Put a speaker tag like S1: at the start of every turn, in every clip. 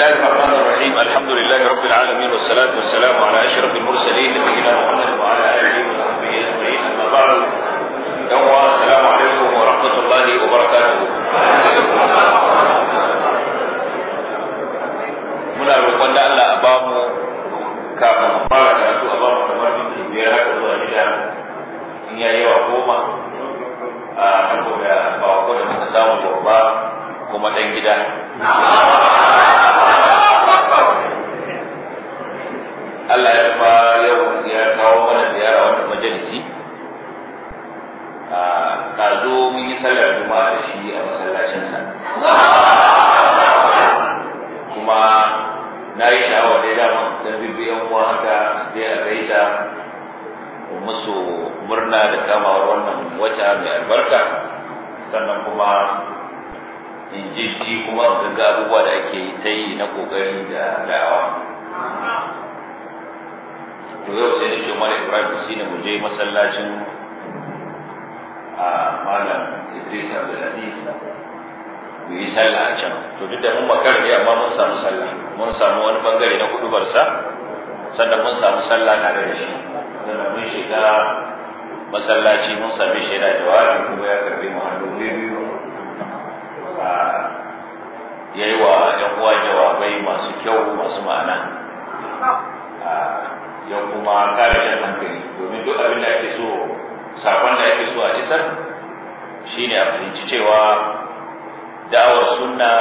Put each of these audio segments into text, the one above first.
S1: الله الرحمن الرحيم الحمد لله رب العالمين والصلاة والسلام على أشرف المرسلين نبينا محمد وعلى آله وصحبه أجمعين أما بعد السلام عليكم ورحمة الله وبركاته muna roƙon da Allah a ba mu kafin fara karatu a ba mu kamar minti biyar haka zuwa gida in ya yawa goma a saboda ba ko da muka samu babba kuma ɗan gida. na zo mun yi sallar juma'a da shi a masallacinsa kuma na yi sha'awa dai dama don bibi yan uwa haka sai a gaida musu murna da kamawar wannan wata mai albarka sannan kuma in ji ji kuma in ga abubuwa da ake yi ta yi na kokari da dawa to yau sai nake mara ibrahim shi ne mu je masallacin a malam idris abdulaziz ku yi sallah a can to duk da mu makar ne amma mun samu sallah mun samu wani bangare na kudubar sa sannan mun samu sallah tare da shi sannan mun shiga masallaci mun same shi ya biyu wa ‘yan uwa jawabai masu kyau masu ma'ana ya kuma kare jan hankali domin duk abin da ake so sakon da ake so a isar ne a fahimci cewa da'awar sunna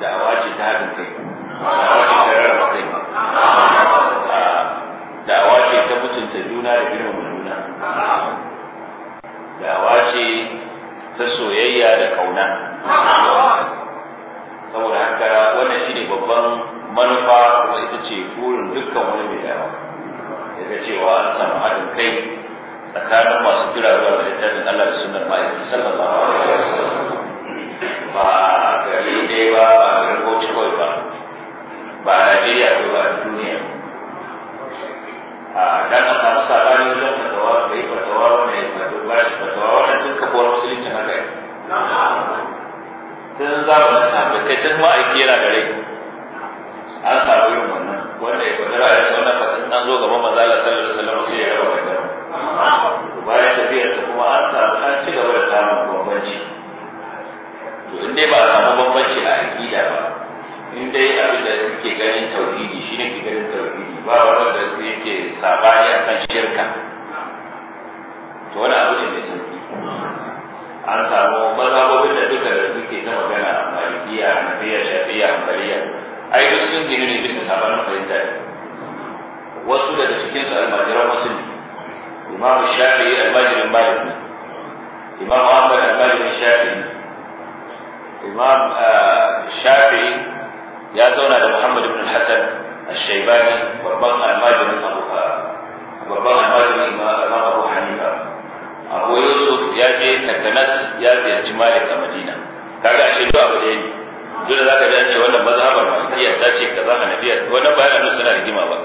S1: da'awa ce ta haɗin kai da'awa ce ta rarraba kai da'awa ce ta mutunta juna da girmama juna da'awa ce ta soyayya da kauna saboda haka wannan ne babban manufa kuma ita ce burin dukkan wani mai da'awa ya cewa an samu haɗin kai tsakanin masu kira zuwa da littafin Allah da sunan ma'aiki sallallahu alaihi wasallam ba gari dai ba ba garin bauchi kawai ba ba Najeriya ko ba duniya a dan a samu sabani wajen fatawa bai fatawa wanda ya fatawa ba shi fatawa wannan duk kafuwar musulunci haka yi tun zamanin sabbin kai tun ma'aiki yana da rai an samu yin wannan wanda ya fatawa ya zauna fatan an zo gaba mazala Allah sallallahu alaihi wasallam sai kuma an samu an ci gaba da samun bambanci to in dai ba a samu bambanci a aƙida ba in dai abin da suke ganin tauhidi shi ne ke ganin tauhidi ba wanda yake sabani a kan shirka to wani abu ne mai sauki an samu mazhabobin da duka da suke ta magana malikiya nabiya shafiya hanbaliya ai duk sun gini ne bisa sabanin fahimta wasu daga cikin su almajiran wasu ne imam shafi'i almajirin maliki imam ahmad almajirin shafi'i imam uh, shafi'i ya zauna da muhammad ibn hasan al-shaybani babban almajirin abu uh, babban almajirin imam abu hanifa abu yusuf ya je takanas ya ziyarci malik a madina kaga ashe duk abu ɗaya ne dole za ka ji an ce wannan mazhabar malikiya ta suna ba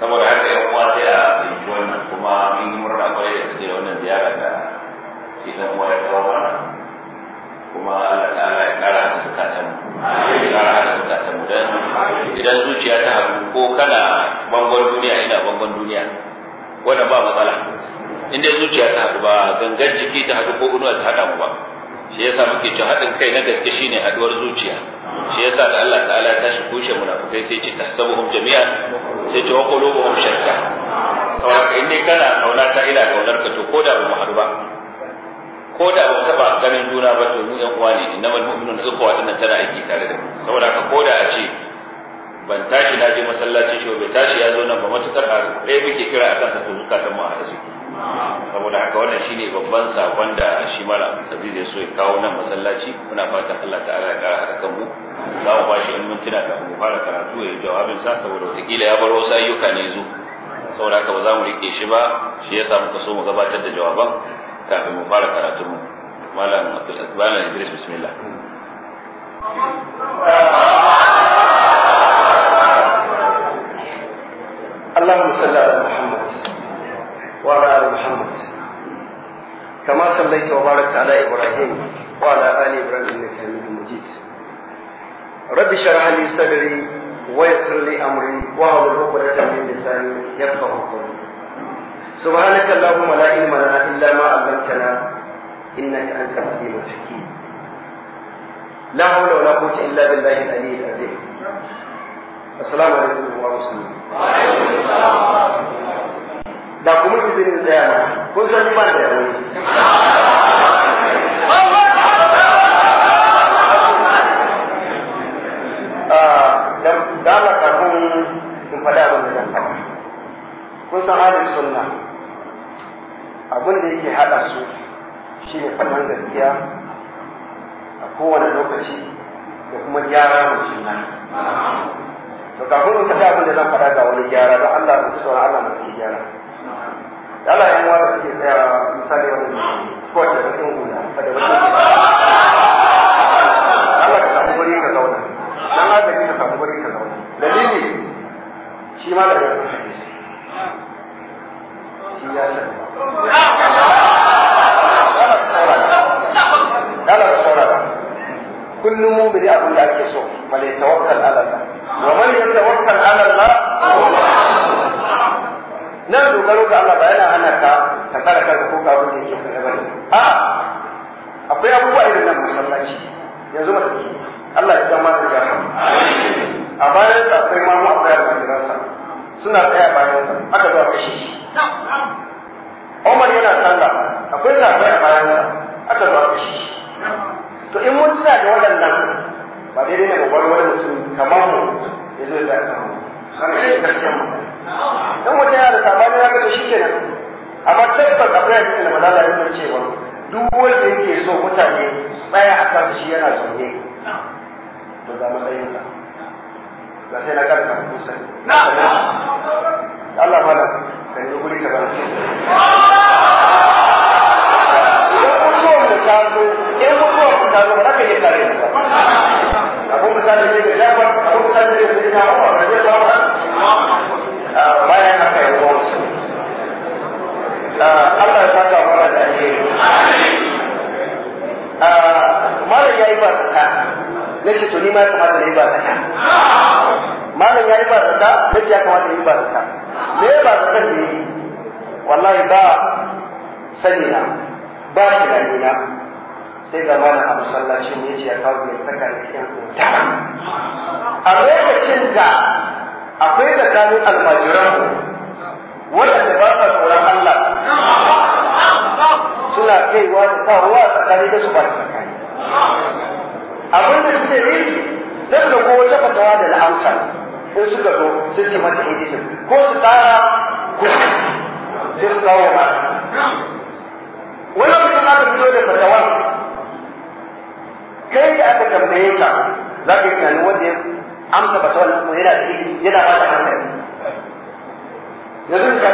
S1: saboda haka yan uwa sai a ɗauki wannan kuma mun yi murna kwarai da suke wannan ziyara da shi dan uwa ya kawo mana kuma Allah ta'ala ya kara da bukatan mu ya kara da bukatan mu dan idan zuciya ta hagu ko kana bangon duniya ina bangon duniya wannan ba matsala in dai zuciya ta hagu ba gangan jiki ta hagu ko unuwa ta hada mu ba shi yasa muke cewa haɗin kai na gaske shine haɗuwar zuciya kushe munafukai sai ce tasabuhum jami'an sai ce wa qulubuhum shatta saboda in dai kana kauna ta ila kaunar ka to koda ba mu haɗu ba koda ba taba ganin juna ba to mu yan uwa ne innamal mu'minun ikhwa dinnan tana aiki tare da mu saboda ka koda a ce ban tashi na je masallacin shi ba tashi ya zo nan ba matukar a ɗaya muke kira akan sa to zukatan mu a haɗa saboda haka wannan shine babban sakon da shi mara tafi zai so ya kawo nan masallaci muna fatan Allah ta'ala ya kara haka kanmu za mu bashi in mintuna da mu fara karatu ya yi jawabin sa saboda wataƙila ya bar wasu ayyuka ne zu saboda haka ba za mu rike shi ba shi yasa muka so mu gabatar da jawaban kafin mu fara karatu mu malam Abdul Akbar Idris bismillah اللهم صل على محمد
S2: وعلى آل محمد كما صليت وباركت على إبراهيم وعلى آل إبراهيم إنك حميد مجيد رب اشرح لي صدري ويسر لي أمري وهو عقدة من لساني يفقه قولي سبحانك اللهم لا علم لنا إلا ما علمتنا إنك أنت العليم الحكيم لا حول ولا قوة إلا بالله العلي العظيم السلام عليكم ورحمة الله
S3: وبركاته da kuma izinin
S2: tsaya ma kun san ni ba da yaro ah, da Allah kafin in faɗa abin da zan faɗa kun san halin sunna abin da yake haɗa su shi ne faɗin gaskiya a kowane lokaci da kuma gyara wa juna to kafin in faɗa abin da zan faɗa ga wani gyara don Allah ku saurara Allah mu gyara Allah yan wata suke tsaya misali wani sport da bakin hula da bakin Allah ka samu guri ka zauna dan Allah ka samu guri ka zauna dalili shi ma da ya abin da suke yi sai da ko wata fatawa da al'amsa ko suka zo sai su mata editin ko su tsara ko sai su kawo ba wani mutum aka fito da fatawa kai da aka tambaye ka za ka yi tunanin wanda ya amsa fatawa na ko yana da yana ba da hankali yanzu ka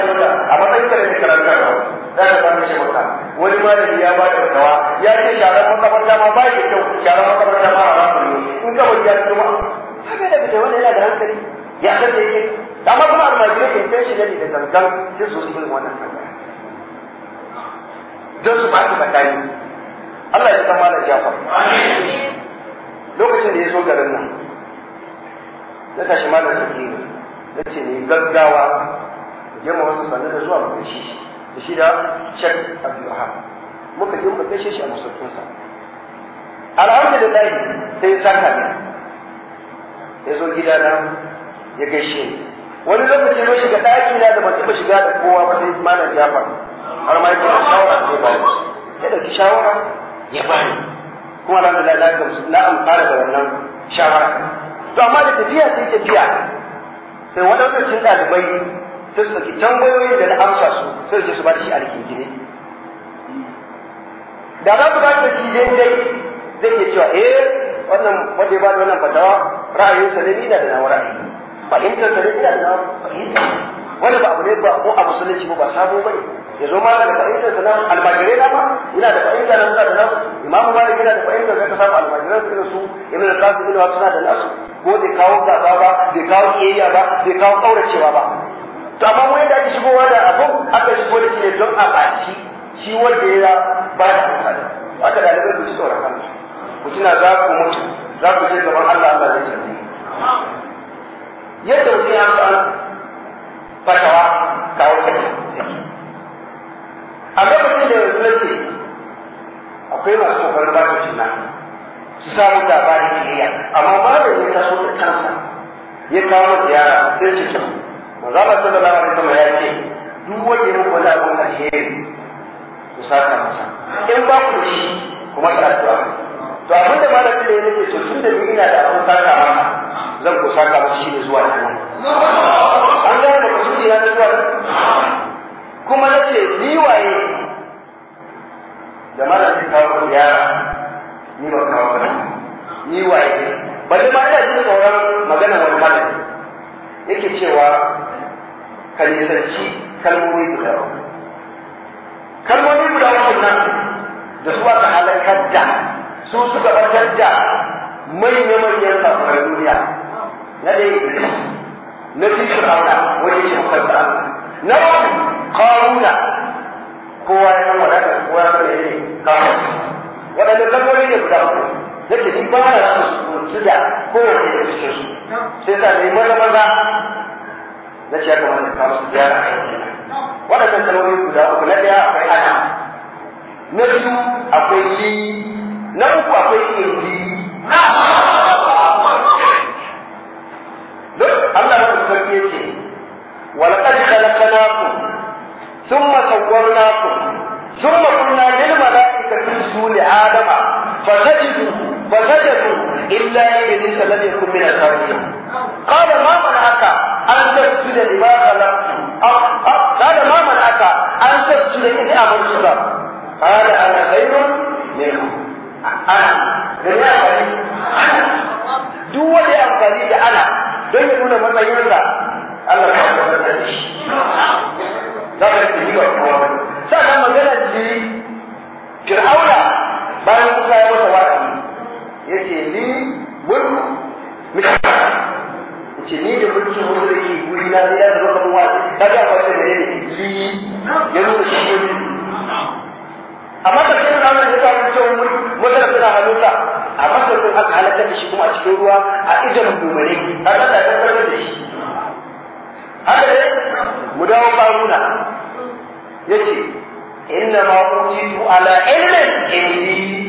S2: a matsayin karanta karanta za ka samu shi maka wani malami ya bada fatawa ya ce sharar makabarta ma ba da kyau sharar makabarta ma a haramun ne in ka wani ya fito ma haka da fita wani yana da hankali ya san da yake da ma kuma almajirai kan tashi ne da zanzan sai su su wannan don su ba su makani Allah ya san malam Jafar lokacin da ya zo garin nan na tashi malam Sakiru na ce ne gaggawa je ma wasu sanar da zuwa mu shi da shi da shek abdulwahab muka yi muka shi a musulunsa alhamdulillah sai ya saka ne ya zo gida na ya gaishe wani lokaci ya shiga daki na da mutum shiga da kowa ba sai malam jafar har ma yake shawara ne ba ya ɗauki shawara ya bani kuma alhamdulillah da gamsu na amfana da wannan shawara to amma da tafiya sai tafiya sai waɗansu ɗalibai sai su ɗauki tambayoyi da na amsa su sai su su ba da shi a rikinkine da za su ba da shi daidai zai iya cewa eh wannan wanda ya ba da wannan fatawa ra'ayin ne ni da nawa ra'ayi fahimtar sa ne ni da nawa fahimta wani ba abu ne ba ko a musulunci ba ba sabo bane ya zo ma da fahimtar sa na almajirai na ba ina da fahimta na suna da nasu imamu da gina da fahimtar da ka samu almajiran su irin su ibn al-qasim wasu suna da nasu ko bai kawo gaba ba bai kawo kiyayya ba bai kawo kauracewa ba to amma wani da ake shigowa da abun aka shigo da shi don a baci shi wanda ya ba da mutane haka da alaƙar su tsoron kansu ku tuna za ku mutu za ku je gaban Allah Allah zai tafi yadda wani ya san fatawa kawo kai a lokacin da yanzu ce akwai masu kokarin ba su juna su samu labarin iya amma ba da ya taso da kansa ya kawo ziyara sai cikin manzo Allah sallallahu alaihi wasallam ya ce duk wanda ya muku abun alheri ku saka masa in ba ku shi kuma ki addu'a to abin da malamin ne yake so tun da ina da abun saka masa zan ku saka masa shi ne zuwa nan an ga da kusuri na zuwa kuma nace ni waye da malamin ka kawo ziyara ni ba kawo ba ni waye ba da ma ina jin tsoron magana wani malami yake cewa ka kalmomi guda uku kalmomi guda uku nan da su aka halakar da su suka ɓatar da manya-manyan safarar duniya na da iblis na biyu rauna wani shi kansa na wani kawuna kowa ya san wadata kowa ya san yake kawo wadanda kalmomi ne guda na nake ni ba na su da kowane da su
S3: sai sa ne maza maza
S2: na ce ya kamata ka musu gyara a yankin waɗannan kalmomi guda uku na ɗaya akwai ana na biyu akwai li na uku akwai indi Allah na kusurki ya ce walaƙar khalaqnakum thumma sawwarnakum ثم قلنا للملائكة اسجدوا لآدم فسجدوا فسجدوا إلا إبليس لم يكن من الخارجين قال ما منعك أن تسجد لما خلقت قال ما منعك أن تسجد إذ أمرتك قال أنا خير منه
S3: أنا دنيا أنا
S2: duk wanda أنا amfani da ana don ya nuna matsayinsa Allah ya kwanta da shi eh, fir'auna bayan musa ya masa wa'azi ya ce ni mulku mishra ya ce ni da mulki da musulki guri na zai da zama wa'azi ta ga wanda ne li ya nuna shi ne amma ta ce fir'auna ya samu cewa mulkin suna amma a masarfin aka halatta da shi kuma a cikin ruwa a idan mumane ta ga ta karkar da shi haka ne mu dawo faruna ya ce إنما أوتيت على علم عندي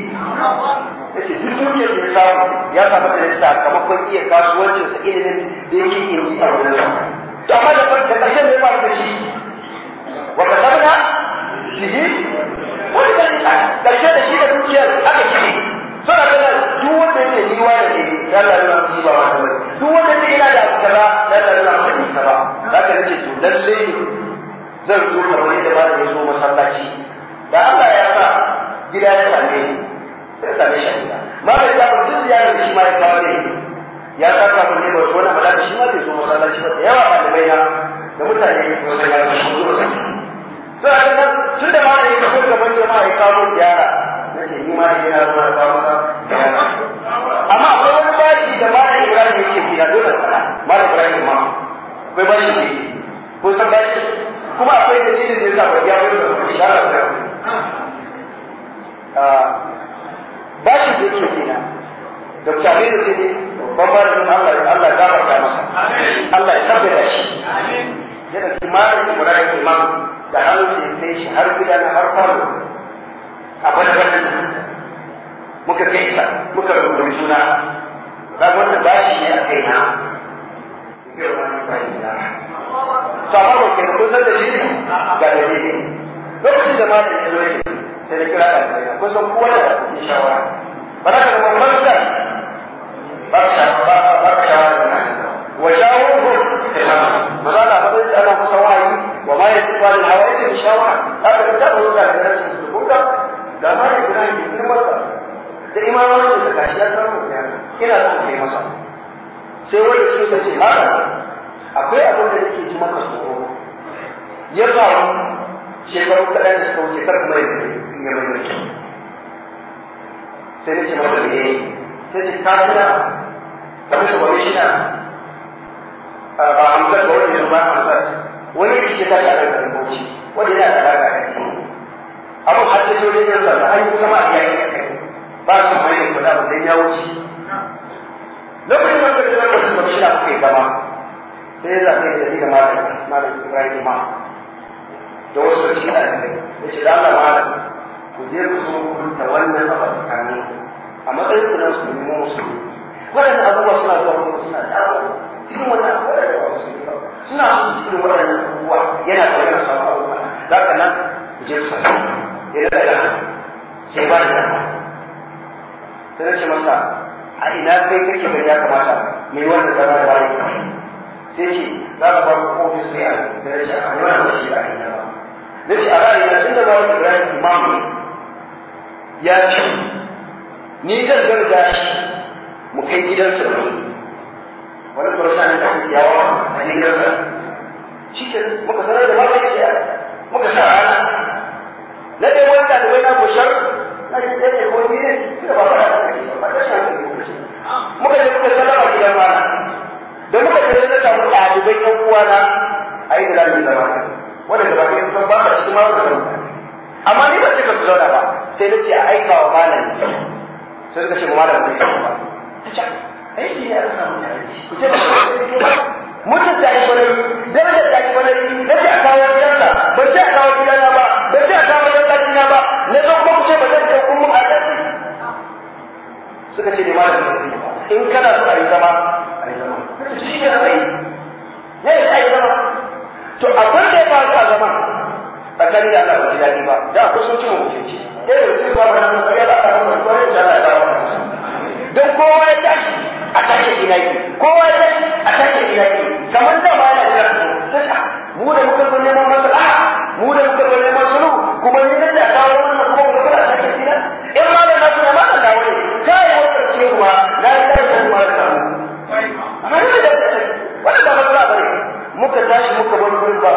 S3: yace duk duniyar da
S2: ya samu ya samu da sakamakon iya kasuwancin sa ilimin da yake iya yi a wurin sa to amma da farko kashin da ya faru da shi wa kasabna bihi wani da ta kashe da shi da dukiyar aka kire suna kana duk wanda yake ni wa ne ne ya Allah ya ji ba wanda duk wanda yake ina da kaza ya Allah ya ji kaza zaka ce to ne zan zo kamar da ba da zo masallaci da Allah ya sa gida ya same ni ya same shi ma malam ya ba duk ziyarar shi ma ya kawo ne ya sa ka mun ne ba wani ba da shi ma bai zo masallaci ba yawa ba da baina da mutane ko sai ya shi zo
S3: nan tun da malam ya kawo gaban ya
S2: kawo ni ma ne zuwa amma akwai wani bashi da Ibrahim yake gida dole ba Ibrahim ma akwai bashi ko san bashi kuma akwai dalilin da yasa ba ya yi da ah, ba shi da yake Allah ya Allah ya masa Allah ya tabbata shi yana kimanin da hannun shi har gida na har a bangaren muka kai sa muka rubuta suna wannan bashi ne a kai na. sama da ke kun san dalili ga dalili lokacin da ma da ya zo yake sai da kira da dalili kusan san kowa da ya shawara ba za ka zama mafita
S3: ba ka ba ba ka shawara da wa shawo ko ba za ka faɗi da ana kusa wayi wa ma ya tuba da hawa yake shawara
S2: za ka ta ba zuwa da rashin sukuta da ma ya kira ne kuma ba da imamanci da kashi ya samu ina son yi masa sai wani su ta ce haka akwai abin da yake ji maka su tsoro ya faru shekaru kaɗan da suka wuce kar kuma ya fi mai mulki sai nake masa da yayi sai ce ka tuna kamar kwamishina ba hamsar ba wani ba hamsar wani shi ta da aka wani yana da alaƙa da abu har ce dole ne zalla an yi kuma a yayin da ba su mai da kuɗa ba sai ya wuce lokacin da kuka zama da shi na kuka yi zama sai ya zaɓe da ni malam malam ibrahim ma da wasu shi a ya ce da Allah malam ku je ku zo ku rubuta wannan abu tsakanin a matsayin ku na musulmi mu musulmi waɗannan abubuwa suna zuwa kuma suna dawo cikin wannan abubuwa da suna su cikin waɗannan abubuwa yana da wannan abubuwa za ka nan ku je ku sasa ya daga sai ba da dama sai na ce masa a ina kai kake gani ya kamata mai wannan zama da bayan sai ce za ka bar kofin sai da rashin a yawan wasu da ainihin ba na ce a ra'ayi na tunda ba wani ra'ayi ya ce ni zan garga shi mu kai gidan da wani kuma sa ta yawa a gidansa shi ke muka sanar da babu ya
S3: muka sa rana
S2: na ɗaya wani ɗalibai na bushar na ɗaya ne ko ne ba akwai ɗan na a yi da za zama wanda da sun ba ka cikin mawa da zama amma ni ba ce ka su ba sai na ce a aika wa malam sai suka ce ma malam bai ba ta ce aiki ne a rasa ce mutum ta yi kwarai darajar ta yi kwarai na ce a kawo gidansa ba ce a kawo gidana ba ba ce a kawo masallacina ba na zo kuma ku ba zan kai kullum a ƙarfi suka ce ne malam bai zama in kana so a yi zama a yi zama
S3: shi ne a yi zai to da ya faru a zama,
S2: tsakanin da Allah ba ji daɗi ba da sun ci mutunci da Allah zama. Don kowa ya tashi a kowa ya
S3: tashi a kamar da ba ya mu da muka ban neman mu
S2: da muka ban neman sulu kuma ni da ta kawo wannan kuma in ma da na tuna ma da dawo kai wannan muka tashi muka bar gurin ba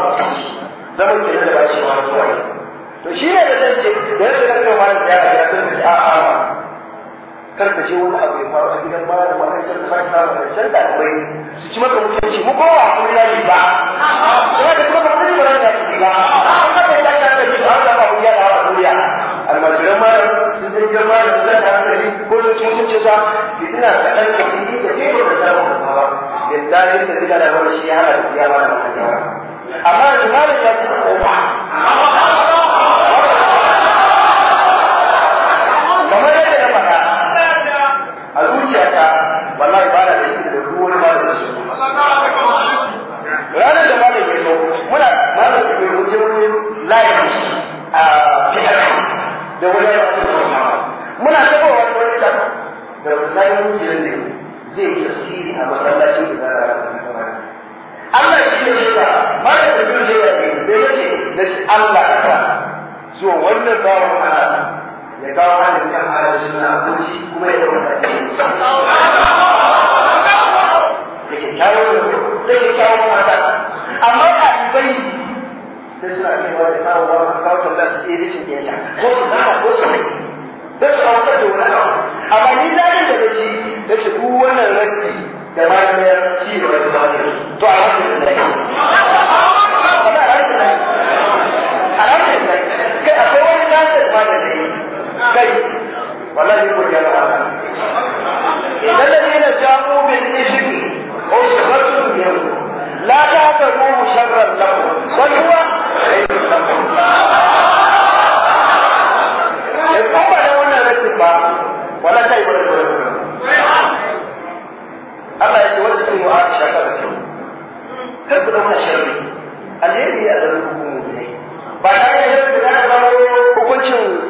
S2: zaman da ba shi ma zuwa to shi ne da zan ce da yadda na kai mara ziyara ya sun a a kar je wani abu ya faru a gidan mara da wani can kuma ta wani can da kai su ci maka mutunci mu kowa a kuma yaji ba kuma da kuma ba zai ba da su ba kuma da ya ta da su har da ba ku da a duniya almajiran mara sun zai zai hankali ko da su mutunci sa da da da ke da samun kuma ba misali da suka da wani shi hana da siya amma ya kamar yadda
S3: na faɗa a zuciyata wallahi ba da shi da da shi ranar da ya zo muna malam ya zo je
S2: wani layin a da wani muna taɓa wani wani da da zai tasiri a matsayin wannan bawan Allah ya kawo halin kan halin suna abinci kuma ya dauka da ke da ke kawo da zai mata amma da bai da suna cewa wani kawo ba ma kawo da su iya rikin da ya ko su zama ko su ne da su kawo da wani abu amma ni na da da shi da shi ku wannan rafi da ma ya ci da wani ba ne to a wannan da ya kai wallahi ko ya la idan ladina ja'u bil ishmi usratun yawm la ta'tabu sharran lakum bal huwa khairun lakum ba da wannan rashin ba wala sai ba Allah ya ce wanda sun yi ta shaka ta kyau kar ku sharri alheri ya zama hukumu ba ta yi sharri da ta zama hukuncin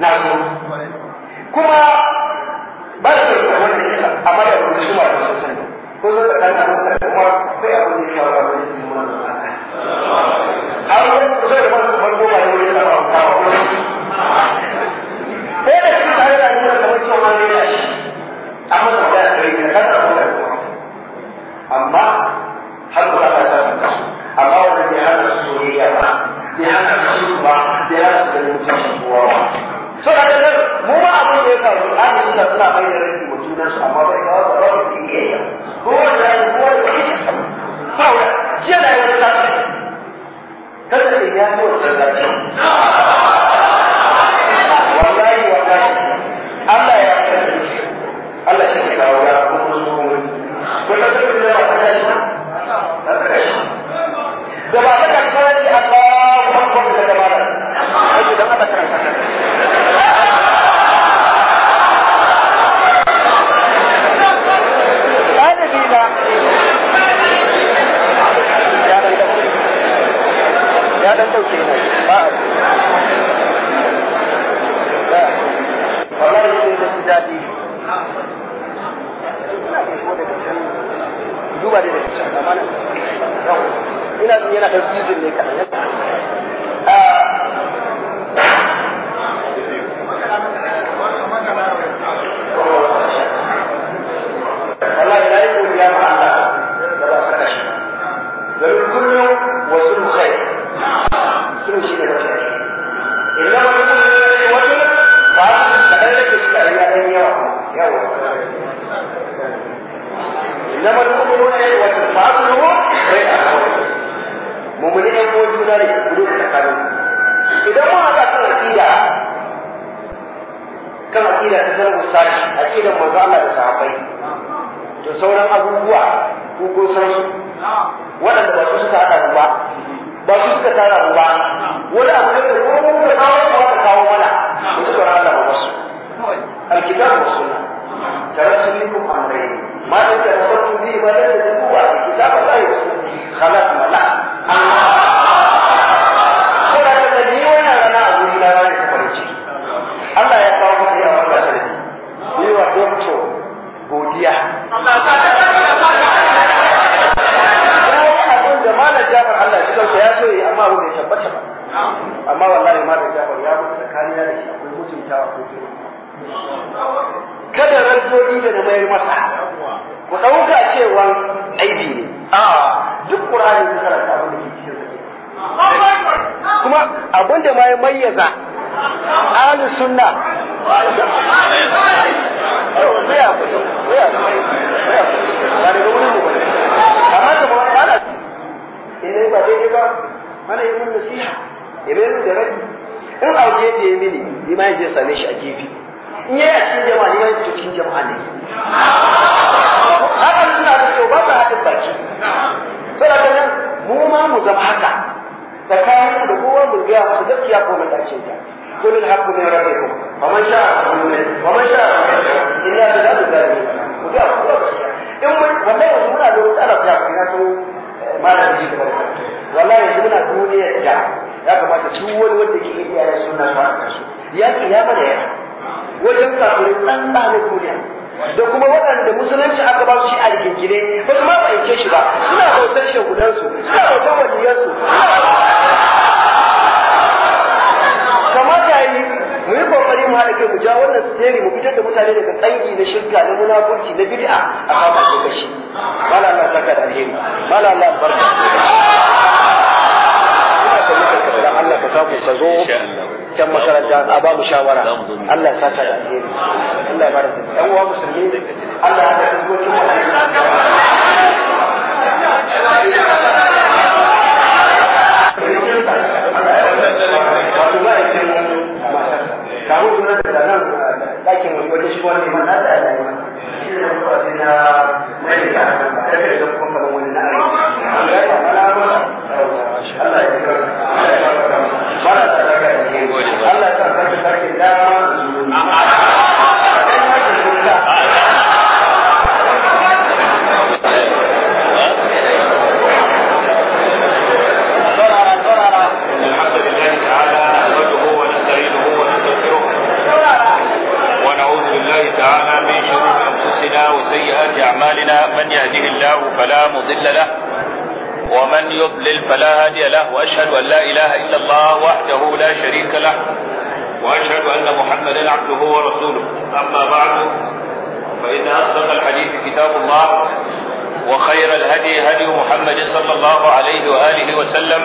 S2: na kuma ba su da wanda ke amma da kuma shi ma da su sani ko zo da kan kuma sai abin da ya shawo da su kafirci na bid'a a kama ko kashi wala la saka da alheri wala la barka ina ta mutunta da Allah ka samu ka zo can makaranta a ba mu shawara Allah ya saka da alheri Allah ya barka dan uwa musulmi Allah ya da dokokin Wato za a yi matarsa, kawo da nan ไม่ได้
S1: يضلل فلا هادي له واشهد ان لا اله الا الله وحده لا شريك له واشهد ان محمدا عبده ورسوله اما بعد فان اصدق الحديث كتاب الله وخير الهدي هدي محمد صلى الله عليه واله وسلم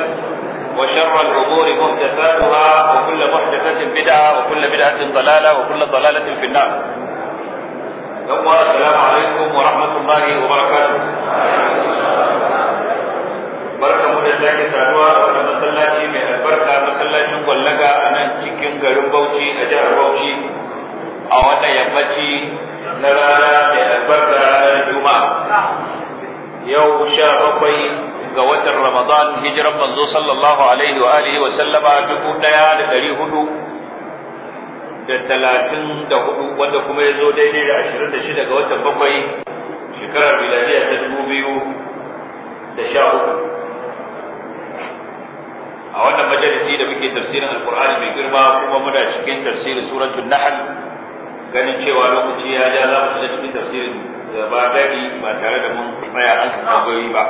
S1: وشر الامور محدثاتها وكل محدثه بدعه وكل بدعه ضلاله وكل ضلاله في النار السلام عليكم ورحمه الله وبركاته barka mu da sake saduwa a wannan masallaci mai albarka masallacin gwallaga a nan cikin garin Bauchi a jihar Bauchi a wannan yammaci na rana mai albarka ranar Juma'a yau sha bakwai ga watan Ramadan hijiran manzo sallallahu alaihi wa alihi wa sallama dubu daya da dari hudu da talatin da hudu wanda kuma ya zo daidai da ashirin da shida ga watan bakwai shekarar miladiya ta dubu biyu da sha uku a wannan majalisi da muke tafsirin alqur'ani mai girma kuma muna cikin tafsirin suratul nahl ganin cewa lokaci ya ja za mu shiga cikin tafsirin ba gari
S4: ba tare da mun tsaya an tambayoyi ba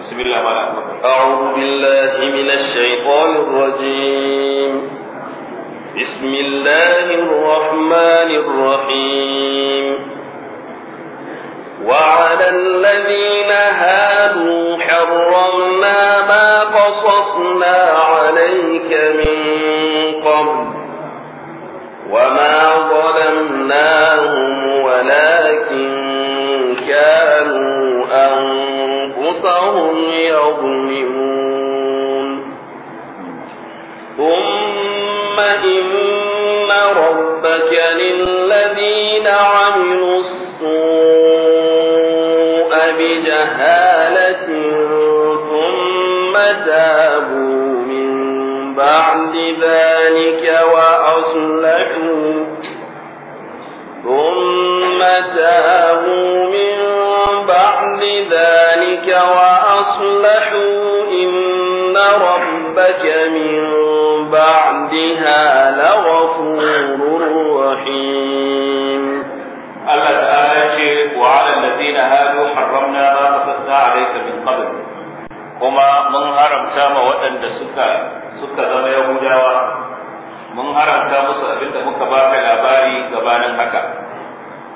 S4: bismillah الله الرحمن أعوذ بالله من الشيطان الرجيم بسم الله الرحمن الرحيم وعلى الذين هادوا حرمنا ما قومك من قبل وما ظلمناهم ولكن كانوا أنفسهم يظلمون ثم إن ربك للذين عملوا السوء بجهالة ثم تاب ذلك وأصلحوا ثم تابوا من بعد ذلك وأصلحوا إن ربك من بعدها لغفور رحيم أما الآية وعلى
S1: الذين هادوا حرمنا ما قصصنا عليك من قبل كما من هرم ما waɗanda suka suka zama yahudawa mun haramta musu abinda da muka baka labari gabanin haka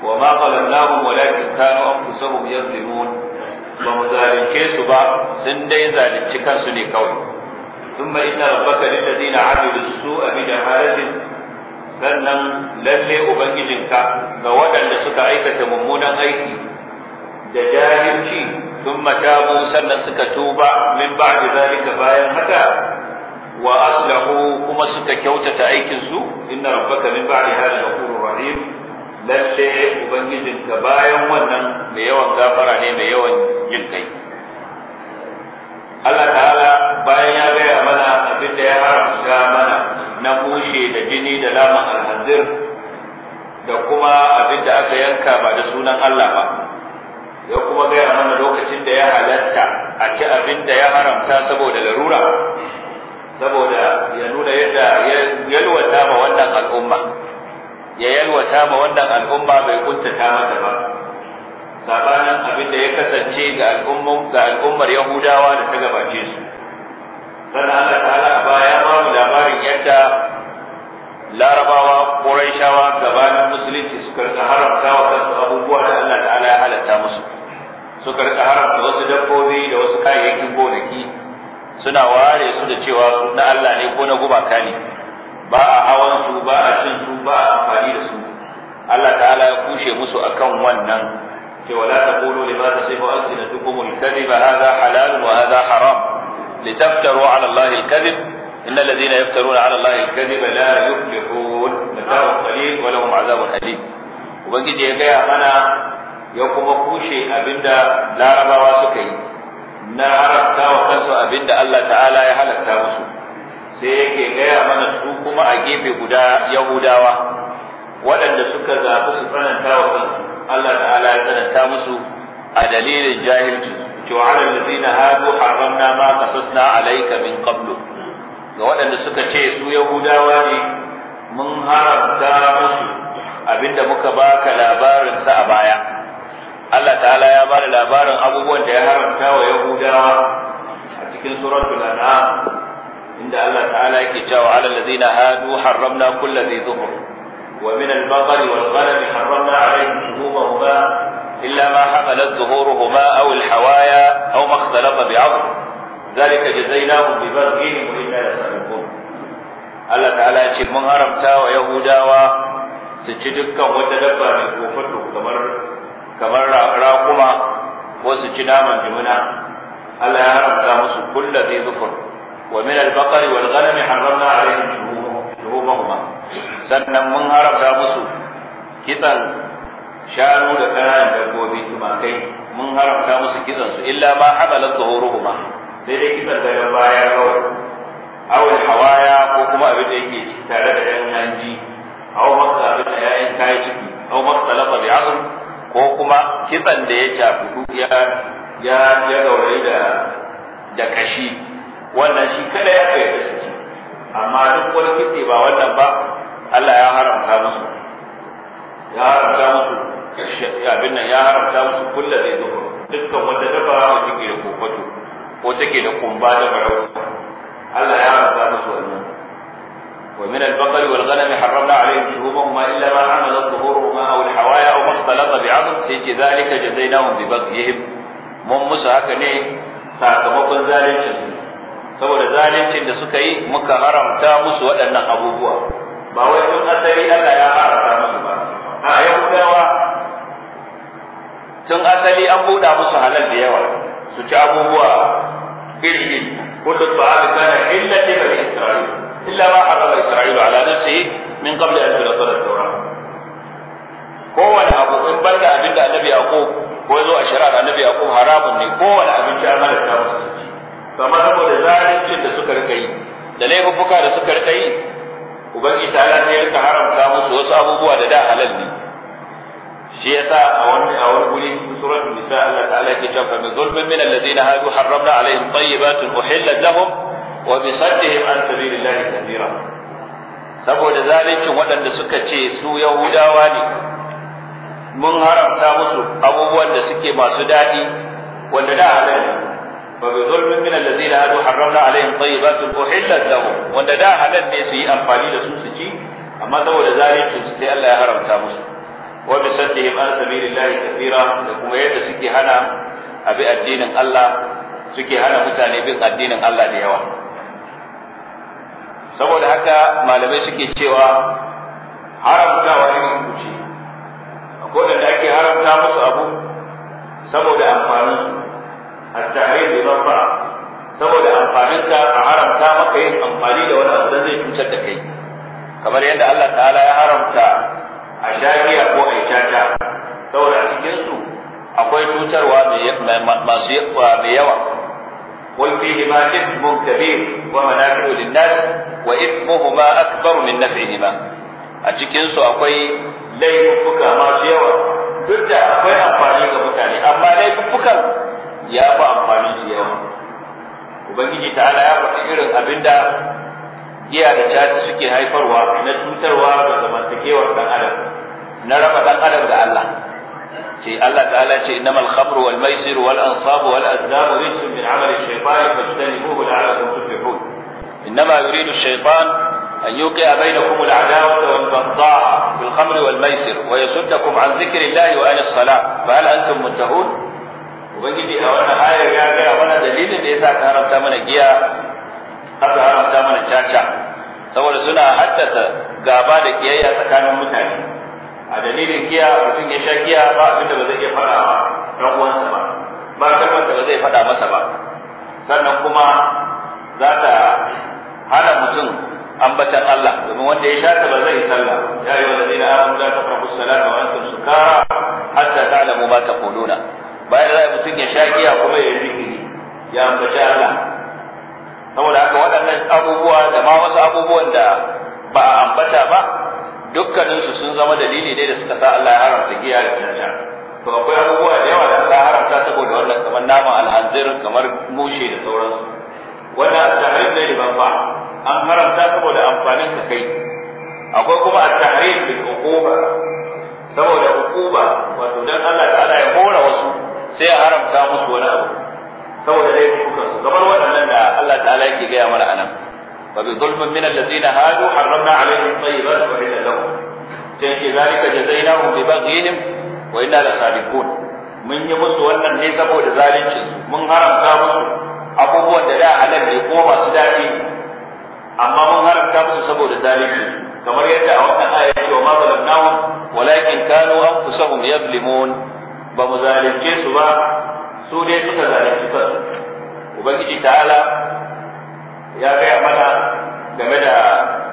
S1: wa ma zalamnahum walakin kanu anfusuhum yazlimun ba mu zalunce su ba sun dai zalunci kansu ne kawai ثم إن ربك للذين su'a bi jahalatin sannan lalle ubangijinka ga waɗanda suka aikata mummunan aiki da jahilci sun matabu sannan suka tuba min ba'di zalika bayan haka wa aslahu kuma suka kyautata aikin su inna rabbaka min ba'di hadha ghafurur rahim lalle ka, bayan wannan mai yawan gafara ne mai yawan jin kai Allah ta'ala bayan ya gaya mana abin da ya haramta mana na bushe da jini da laman alhazir da kuma abin da aka yanka ba da sunan Allah ba ya kuma gaya mana lokacin da ya halatta a ci abin da ya haramta saboda larura saboda ya nuna yadda ya yalwata ma wannan al'umma ya yalwata ma wannan al'umma bai kuntata mata ba sabanin abin da ya kasance ga al'ummar ga al'ummar Yahudawa da ta gabace su sannan Allah ta'ala a baya ba mu labarin yadda larabawa quraishawa gabanin musulunci suka rika haramta wa kansu abubuwa da Allah ta'ala ya halatta musu suka rika haramta wasu dabbobi da wasu kayayyakin gonaki suna ware su da cewa na Allah ne ko na gumaka ne ba a hawan su ba a cin su ba a amfani da su Allah ta'ala ya kushe musu akan wannan cewa la taqulu lima tasifu alsinatukum alkadhiba hadha halal wa hadha haram litaftaru ala Allah alkadhib إن الذين يفترون على الله الكذب لا يفلحون متاع قليل ولهم عذاب أليم وبنجي يا mana ya kuma kushe abinda larabawa suka yi na haramta wa kansu abinda da Allah ta'ala ya halatta musu sai yake gaya mana su kuma a gefe guda yahudawa waɗanda suka zafi su tsananta wa kansu Allah ta'ala ya tsananta musu a dalilin jahilci cewa ala allazina hadu haramna ma qasasna alayka min qablu ga waɗanda suka ce su yahudawa ne mun haramta musu abinda muka baka labarin sa a baya Allah ta'ala ya bada labarin abubuwan da ya haramta wa Yahudawa a cikin suratul an'am inda Allah ta'ala yake cewa alal ladina hadu harramna kulli dhi dhuhr wa min al baqar wal ghanam harramna alayhim shuhumahuma illa ma hamalat dhuhuruhuma aw al-hawaya aw ma ikhtalafa bi'adh ذلك جزيناهم ببغيهم وإنا لصادقون Allah ta'ala ya ce mun haramta wa Yahudawa su ci dukkan wata kamar raƙuma ko su ci naman jimina Allah ya haramta musu kulla zai zukur wa min al-baqari wal ghanami harramna alaihim shuhumahuma sannan mun haramta musu kitan shanu da ƙananan dabbobi tumakai mun haramta musu kitan su illa ma hamalat zuhuruhuma sai dai kitan daga baya kawai aw hawaya ko kuma abin da yake tare da yan hanji aw maka abin da yayin kayi ciki aw maka talafa bi'azm ko kuma kitsan da ya cakudu ya ya ya gaurayi da da kashi wannan shi kada ya kai kashi amma duk wani kitse ba wannan ba Allah ya haramta musu ya haramta musu ya binna ya haramta musu kulla zai zo dukkan wata daba wa ke da kofato ko take da kumba da barau Allah ya haramta musu wannan ومن البقر والغنم حرمنا عليهم شهومهما إلا ما حملت ظهورهما أو الحوايا أو ما اختلط بعظم سيك ذلك جزيناهم ببغيهم mun musu haka ne sakamakon zalincin saboda zalincin da suka yi muka haramta musu waɗannan abubuwa ba wai tun asali Allah ya haramta musu ba a yahudawa tun asali an buɗa musu halal da yawa su ci abubuwa iri kullu ta'am kana illa bani isra'il illa ma harama isra'ilu ala nafsihi min qabli an tunzila at-taura kowane abu in banda abin da annabi yaqub ko yazo a shari'ar annabi yaqub haramun ne kowane abinci an halatta musu ci kamar saboda da suka rika yi da laifuffuka da suka rika yi ubangiji ta ala haramta musu wasu abubuwa da da halal ne shi yasa a wani a wani guri suratul nisa Allah ta'ala yake cewa wa bi saddihim an sabilillahi kabira saboda zalincin waɗanda suka ce su yahudawa ne mun haramta musu abubuwan da suke masu daɗi wanda da halal fa bi zulmin min allazina hadu harramna alaihim tayyibatin uhillat lahum wanda da halal ne su yi amfani da su su ci amma saboda zalincin sai Allah ya haramta musu wa bi saddihim an sabilillahi kabira da kuma yadda suke hana abi addinin Allah suke hana mutane bin addinin Allah da yawa saboda haka malamai suke cewa haramtawa ne sun kuce akwai da ake haramta musu abu saboda amfanin a at-tahrim bi saboda amfanin a haramta maka yin amfani da wani abu da zai cutar da kai kamar yadda Allah ta'ala ya haramta a shafiya ko a ishata, saboda a cikin su akwai cutarwa mai yawa قل فيهما إثم كبير ومنافع للناس وإثمهما أكبر من نفعهما أتكنسو أقوي ليفك ما سيوا duk da akwai amfani ga mutane amma laifuffukan ya fi amfani da yawa ubangiji ta'ala ya faɗi irin abin da giya da caci suke haifarwa na cutarwa ga zamantakewar ɗan adam na raba ɗan adam da Allah شيء الله تعالى شيء إنما الخمر والميسر والأنصاب والأزلام ليس من عمل الشيطان فاجتنبوه لعلكم تفلحون إنما يريد الشيطان أن يوقع بينكم العداوة والبغضاء في الخمر والميسر ويصدكم عن ذكر الله وعن الصلاة فهل أنتم منتهون؟ وبين لي أولا آية يا جاية أولا دليل إذا كهرم تامن جيا أبو هرم تامن جاشا سوى لسنا حدث قابا يا يتكامل متعين a dalilin giya mutum ya sha giya ba abin da ba zai iya faɗa wa ɗan uwansa ba ba kalmar da ba zai faɗa masa ba sannan kuma za ta hana mutum ambatan Allah domin wanda ya ta ba zai sallah ya yi wa ladina amanu la taqrabu salata wa antum sukara hatta ta'lamu ma taquluna bayan da mutum ya sha giya kuma ya yi zikiri ya ambaci Allah saboda haka waɗannan abubuwa da ma wasu abubuwan da ba a ambata ba dukkaninsu sun zama dalili ne da suka sa Allah ya haramta giya da caca to akwai abubuwa da yawa da Allah ya haramta saboda wannan kamar naman alhanzir kamar mushe da sauransu wannan at-tahrim ne da banfa an haramta saboda amfanin ka kai akwai kuma at-tahrim bil uquba saboda uquba wato dan Allah ta'ala ya hora wasu sai ya haramta musu wani abu saboda dai su kamar waɗannan da Allah ta'ala yake gaya mana anan وبظلم من الذين هادوا حرمنا عليهم طيبات وحل لهم تنكي ذلك جزيناهم ببغيهم وإنا لصادقون mun yi musu wannan ne saboda zalunci mun haramta musu abubuwan da da halal ne kuma masu daɗi amma mun haramta musu saboda zalunci kamar yadda a wannan aya ce wa ma zalamnahum walakin kanu anfusahum yadlimun ba mu zalunce su ba su dai suka zalunci kansu ubangiji ta'ala ya gaya mana game da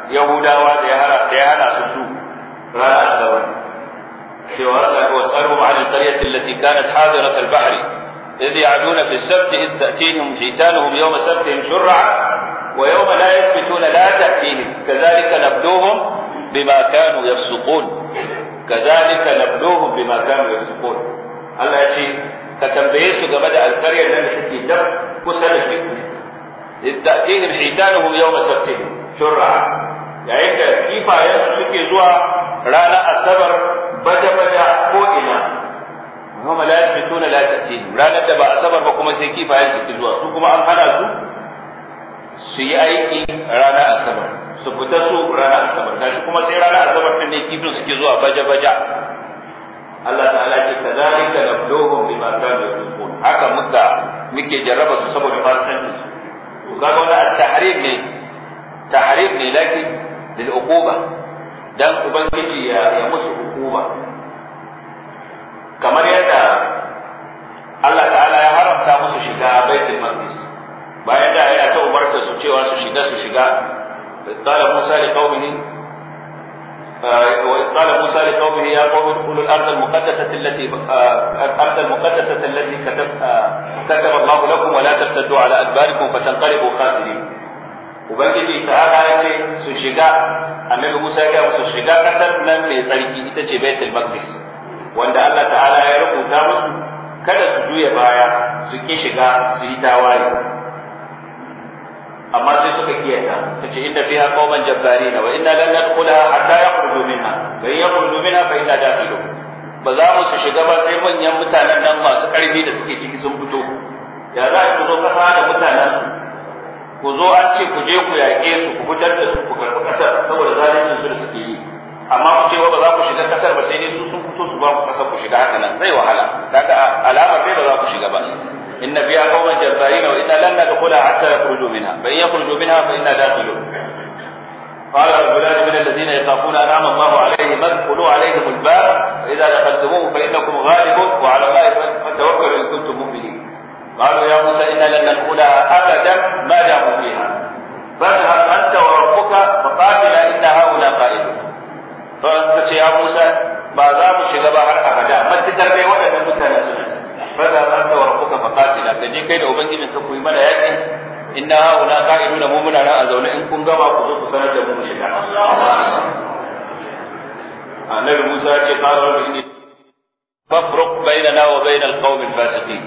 S1: yahudawa da ya hana su su ranar asabar cewa wasaruhum an alqaryati allati kanat hadirat albahr إذ يعدون في السبت إذ تأتيهم حيتانهم يوم سبتهم شرعا
S3: la لا يثبتون لا تأتيهم nabduhum
S1: bima kanu كانوا يفسقون nabduhum bima kanu كانوا allah ya ce ka tambaye su game da alkaryar nan da take dab kusa da teku إذ تأتيهم حيتانهم يوم سبتهم شرعا yayin da kifayensu suke zuwa ranar asabar baja-baja ko ina kuma la yasbituna la ta'tihim ranar da ba asabar ba kuma sai kifayen suke zuwa su kuma an hana su su yi aiki ranar asabar su fita su ranar asabar gashi kuma sai ranar asabar din ne kifin suke zuwa baja-baja Allah ta'ala ce kadhalika nabluhum bima kanu yaqulun haka muka muke jarraba su saboda fasikanci وقال ولا التحريم لي لك للعقوبة دم أبنجي يا مش عقوبة كما يدى الله تعالى يا هرم تامس شكاء بيت المقدس بعد ذلك أتوا برسل سوشي ورسل شكاء سوشي قال موسى لقومه وإذ قال موسى لقومه يا قوم ادخلوا الأرض المقدسة التي الأرض المقدسة التي كتب كتب الله لكم ولا ترتدوا على أدباركم فتنقلبوا خاسرين Ubangiji ta'ala ya ce su shiga annabi Musa ya musu shiga kasar nan mai tsarki ita ce Baitul Maqdis wanda Allah ta'ala ya rubuta musu kada su juya baya su ki shiga su yi tawaye amma sai suka kiyata tace inda fiha qauman jabbarin wa inna lan nadkhulaha hatta yakhruju minha fa yakhruju minha fa inna dakhilu ba za mu su shiga ba sai manyan mutanen nan masu karfi da suke ciki sun fito ya za ku zo kasa da mutanen ku zo an ce ku je ku yaƙe su ku fitar da su ku karɓi ƙasar saboda zalincin su da suke yi amma ku ce ba za ku shiga ƙasar ba sai ne su sun fito su ba ku ƙasar ku shiga haka nan zai wahala daga alamar dai ba za ku shiga ba إن فيها قوما جبارين وإنا لن ندخلها حتى يخرجوا منها فإن يخرجوا منها فإنا داخلون قال رجلان من الذين يخافون أنعم الله عليهم ادخلوا عليهم الباب فإذا دخلتموه فإنكم غالبون وعلى الله فتوكلوا إن كنتم مؤمنين قالوا يا موسى إنا لن ندخلها أبدا ما داموا فيها فاذهب أنت وربك فقاتلا إن هؤلاء قائدون فأنت يا موسى ما داموا شغبا هل أبدا ما تتربي ولا تموتها سنة fala za ka warku ka faqatila ka je kai da ubangiji ka kuyi mana yaki inna hauna ta yi nuna mumuna ran a zaune in kun gama ku zo ku sanar da mumuna ta annabi musa ya ce fara wani ne fafruk bai na nawa bai na alkawomin fasiki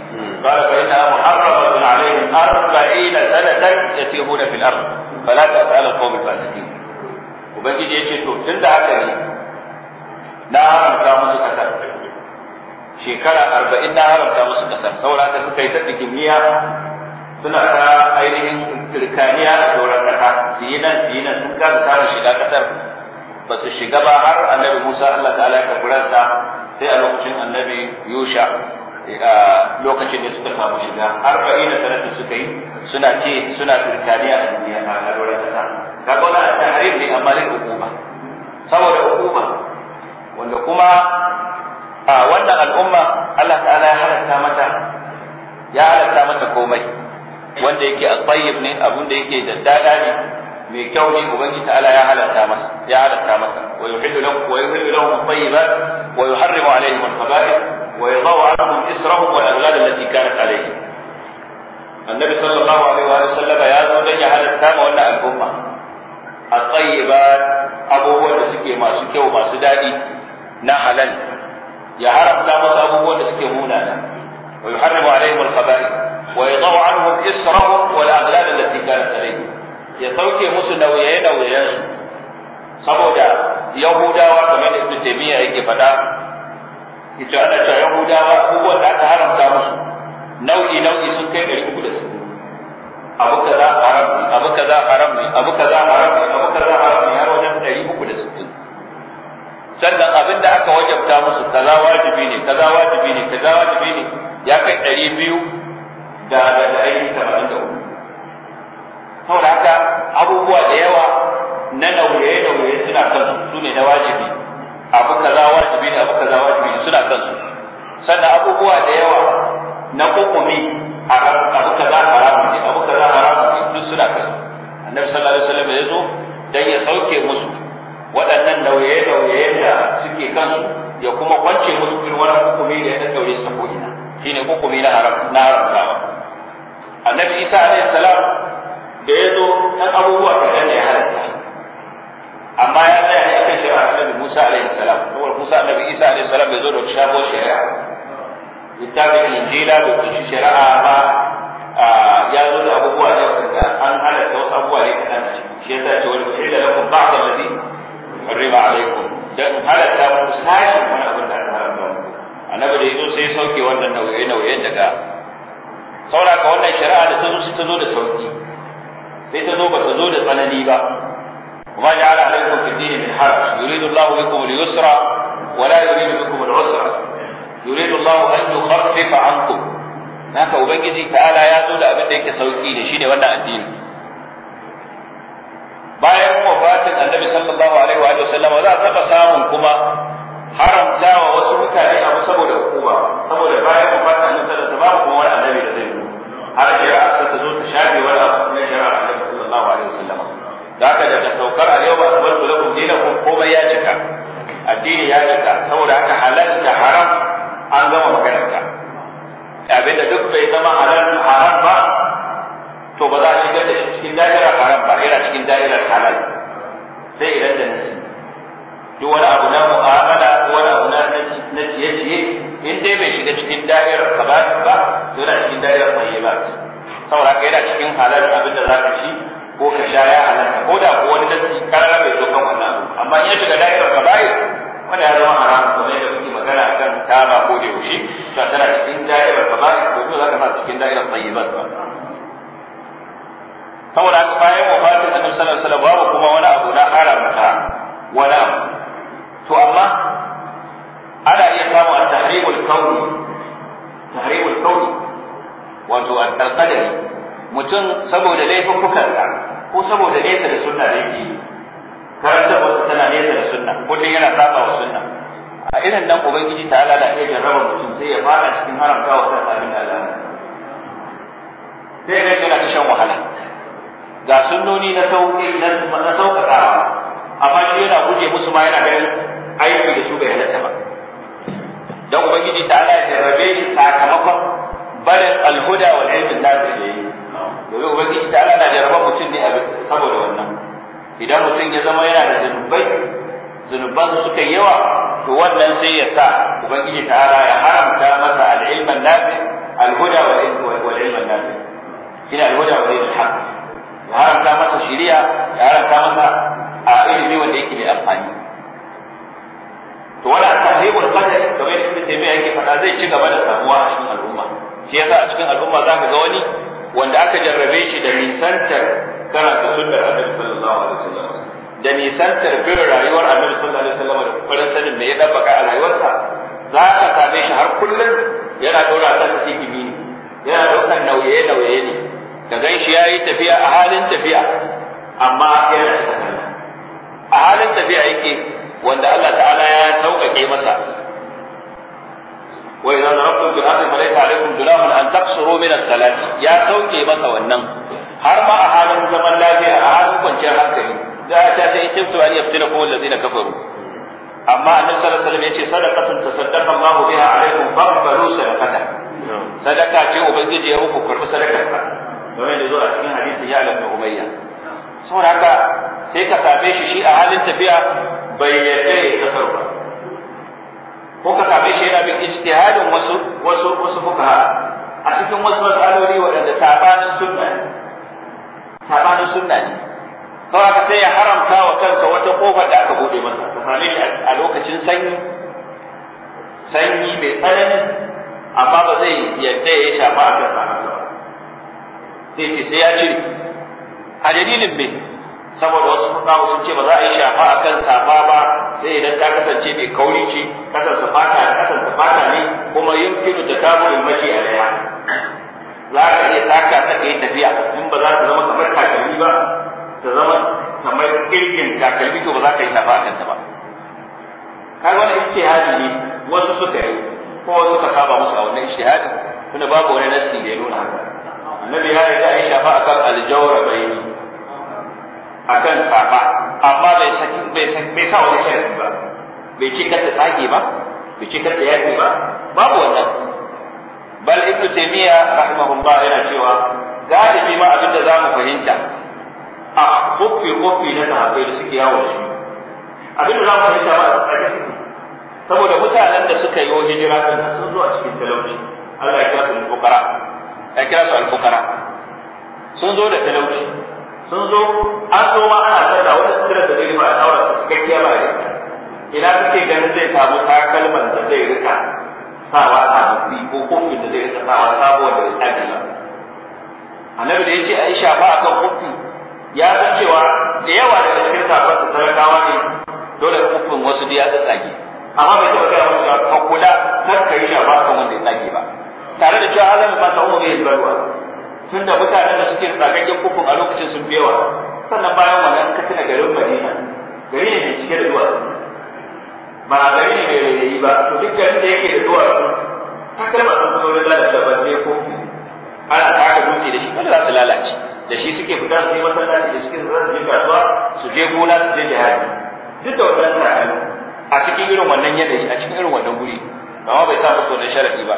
S1: fara bai na amu har rabar da alaihin har bai na sanatar ya ce hu da filar fara ta sa alkawomin fasiki ubangiji ya ce to tun da haka ne na haramta musu kasar shekara arba'in na haramta musu ƙasar saura ta suka yi ta miya suna ta ainihin turkaniya a sauran ƙasa su yi nan su yi nan sun kasa tara shiga ƙasar ba su shiga ba har annabi musa allah ta'ala ya karburansa sai a lokacin annabi yusha eh, lokacin da suka samu shiga arba'in na sanar da suka yi suna ce suna turkaniya. a duniya a sauran ƙasa kaga wani tahrim ne amma dai hukuma saboda hukuma wanda kuma a wannan al'umma Allah ta'ala ya halatta mata ya halatta mata komai wanda yake a tsayyib ne abin da yake daddada ne mai kyau ne ubangiji ta'ala ya halatta masa ya halatta masa wa yuhillu lahum wa yuhillu lahum at-tayyibat wa yuharrimu alaihim al-khaba'ith wa yadhu 'anhum israhum wal aghlal allati kanat alaihim annabi sallallahu alaihi wa sallam ya zo dan ya halatta ma wannan al'umma a tayyibat abubuwan da suke masu kyau masu dadi na halal ya haramta masa abubuwan da suke munana wa yuharrimu alaihim al-khaba'ith wa yadau anhum israhum wal aghlal allati kanat alayhim ya sauke musu nauyaye nauyayen saboda yahudawa kamar da ibnu taymiya yake faɗa yace ana cewa yahudawa abubuwan da aka haramta musu nau'i nau'i sun kai ɗari uku da su abu kaza haram abu kaza haram abu kaza haram abu kaza haram har wajen ɗari uku da sittin sannan abin da aka wajabta musu kaza wajibi ne kaza wajibi ne kaza wajibi ne ya kai ɗari biyu da da da ainihin tamanin da saboda haka abubuwa da yawa na nauye-nauye suna kan su ne na wajibi abu kaza wajibi ne abu kaza wajibi ne suna kansu sannan abubuwa da yawa na kokumi abu kaza haramu ne abu kaza haramu ne duk suna su annabi sallallahu alaihi wasallam ya zo dan ya sauke musu waɗannan nauye nauye da suke kansu ya kuma kwance musu irin wani hukumi da ya daure su ko ina ne hukumi na haramtawa annabi isa alaihi salam da ya zo ɗan abubuwa kaɗan da ya halatta amma ya tsaya ne akan shari'a annabi musa alaihi salam saboda musa annabi isa alaihi salam bai zo da shago shari'a littafin injila bai kunshi shari'a ba ya zo da abubuwa da an halatta wasu abubuwa ne kaɗan shi sa ce wani kuma lakum ba'd alladhi harima alaikum dan halatta muku sashin wani abin da aka haramta muku annabi da yazo sai sauke wannan nauye nauyen daga ka wannan shari'a da ta ta zo da sauki sai ta zo ba ta zo da tsanani ba وما جعل عليكم في الدين من حرج يريد الله بكم اليسر ولا يريد بكم العسر يريد الله ان يخفف عنكم naka ubangiji ala ya zo da abin da yake sauki ne shine wannan addini bayan wafatin annabi sallallahu alaihi wa sallam za a taba samun kuma haramta wa wasu mutane abu saboda hukuma saboda bayan wafatin annabi sallallahu alaihi wa kuma wani annabi da zai zo har shari'a ta zo ta shafe wani abu na shara annabi sallallahu alaihi wa sallam da ka daga saukar a yau ba a bar lakum dinakum komai ya cika addini ya cika saboda haka halal da haram an gama makaranta abinda duk bai zama halal haram ba to ba za a shigar da shi cikin lafiya yana cikin da'irar halal sai idan da nasi duk wani abu na mu'amala ko wani abu na na ciye-ciye in dai bai shiga cikin da'irar kabar ba to yana cikin da'irar ba saboda kai yana cikin halal abin da zaka ci ko ka sha ya halalta ko da ko wani nasi karara bai zo kan wannan abu amma in ya shiga da'irar kabar wanda ya zama haram ne da kuke magana kan ba ko da yaushe to tana cikin da'irar kabar ko to zaka sa cikin da'irar tayyibat ba saboda haka bayan wafatin annabi sallallahu alaihi wasallam babu kuma wani abu na haramta wani abu to amma ana iya samu at-tahrimul kauni tahrimul kauni wato al-qadari mutum saboda ka ko saboda nesa da sunna da yake karanta wata tana nesa da sunna kullum yana saba wa sunna a irin nan ubangiji ta ala da iya jarraba mutum sai ya fara cikin haramta wa kansa abin da Allah sai ga yana shan wahala ga sunnoni na sauƙi na sauƙaƙa amma shi yana guje musu ma yana ganin aiki da su bai halatta ba dan ubangiji ta ala ya rabe shi sakamakon barin alhuda wal ilmin nafi ne. yi domin ubangiji ta ala na rabon mutum ne a saboda wannan idan mutum ya zama yana da zunubai zunuban su suka yawa to wannan sai ya sa ubangiji ta ala ya haramta masa al-ilmin nafi al-huda wal ilmin nafi ina ilmin ya haramta masa shiriya ya haramta masa a ilimi wanda yake mai amfani to wala tahribul qadari kamar yadda Ibn mai yake faɗa zai ci gaba da samuwa a cikin al'umma shi yasa a cikin al'umma za ka ga wani wanda aka jarrabe shi da nisantar karanta sunnar Annabi sallallahu alaihi wasallam da nisantar bin rayuwar Annabi sallallahu alaihi wasallam da farin sanin me ya dabbaka a rayuwarsa za ka same shi har kullum yana daura ta cikin ne yana daukar nauye-nauye ne ka gan shi yi tafiya a halin tafiya amma yana da a halin tafiya yake wanda Allah ta'ala ya sauƙaƙe masa Wai wa idan rabbu bi hadhihi malaika alaikum junahun an taqsuru min as-salat ya sauke masa wannan har ma a halin zaman lafiya a halin kwanciyar hankali da ta ta itimtu an yaftila kuma allazina kafaru amma annabi sallallahu alaihi wasallam yace sadaqatun tasaddaqa Allahu biha alaikum faqbalu sadaqata sadaka ce ubangiji ya muku karbi sadakar kamar da zuwa cikin hadisin ya alamu umayya
S2: saboda haka sai ka same shi shi a halin tafiya
S1: bai yarda ya ta ba ko ka same shi yana bin ijtihadin wasu wasu wasu fuqaha a cikin wasu masaloli waɗanda sabanin sunna ne sabanin sunna ne kawai ka sai ya haramta wa kanka wata kofar da aka bude masa ka same shi a lokacin sanyi sanyi mai tsanani amma ba zai yarda ya yi shafa a kan ba sai sai ya cire a dalilin me saboda wasu fuqaha sun ce ba za a yi shafa a kan safa ba sai idan ta kasance mai kauri ce kasance fata kasance fata ne kuma da tatabu'ul mashi a daya za ka iya taka ta kai tafiya in ba za ta zama kamar takalmi ba ta zama kamar kirkin takalmi to ba za ka yi shafa kan ta ba kai wani ijtihadi ne wasu suka yi ko suka saba musu a wannan ijtihadi kuma babu wani nasi da ya nuna haka annabi ya riga ya shafa akan aljawra bayni akan safa amma bai saki bai saki bai sa wani sharri ba bai ce kada tsage ba bai ce kada yaki ba babu wannan bal ibnu taymiya rahimahullah yana cewa galibi ma abinda za mu fahimta a kofi kofi na sahabbai da suke yawo shi abinda za mu fahimta ba a tsage saboda mutanen da suka yi hijira kan sun zo a cikin talauci Allah ya kira su ƙoƙara. ya kira su alfukara sun zo da talauci sun zo an zo ma ana sarda wani sirra da zai ba a daura cikakkiya ba ne ina kake ganin zai samu takalman da zai rika sawa a bisi ko kofin da zai rika sawa sabuwa da rika ne ba annabi da ya ce aisha ba a kan kofi ya san cewa da yawa daga cikin sabon da sarakawa ne dole kofin wasu da ya tsage amma bai taɓa kai musu ka kula kar ka yi ba kan wanda ya tsage ba tare da cewa azan ba ta umar yin barwa tun da mutanen da suke tsakakken kukun a lokacin sun bewa sannan bayan wannan ka tuna garin madina gari ne mai cike da duwatsu ba a gari ne mai rayayi ba to duk garin da yake da duwatsu ta kalmar sun kuma wani lalata ba ne ko ana ta aka dutse da shi kada za su lalace da shi suke fita su yi masallaci da suke zuwa su je kasuwa su je gona su je jihadi duk da wannan tsakanin a cikin irin wannan yanayi a cikin irin wannan guri ba ma bai sa musu wannan sharafi ba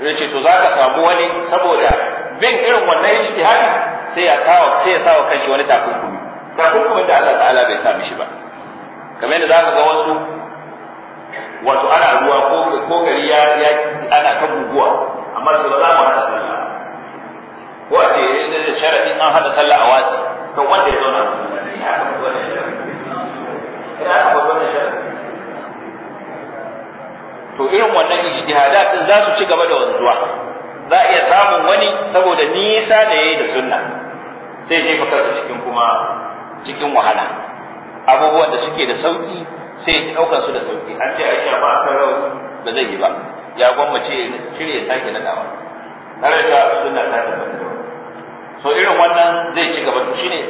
S1: ce to za ka samu wani saboda bin irin wannan ijtihadi sai ya tawa sai ya tawa kanshi wani takunkumi takunkumi da Allah ta'ala bai sa mishi ba kamar yadda zaka ga wasu wato ana ruwa ko ko gari ya ana ta guguwa amma sai ba za mu hada sallah ko a ce eh, da sharadi an hada sallah a wasi to wanda ya zauna ya haka wannan sharadi ya haka wannan sharadi to irin wannan ijtihadat din za su ci gaba da wanzuwa za a iya samun wani saboda nisa da yayi da sunna sai je fa kansa cikin kuma cikin wahala abubuwan da suke da sauki sai ya dauka su da sauki an ce Aisha ba ta rawu ba zai yi ba ya gwamma ce shirye cire sake dawa har da sunna ta tabbata so irin wannan zai ci gaba to shine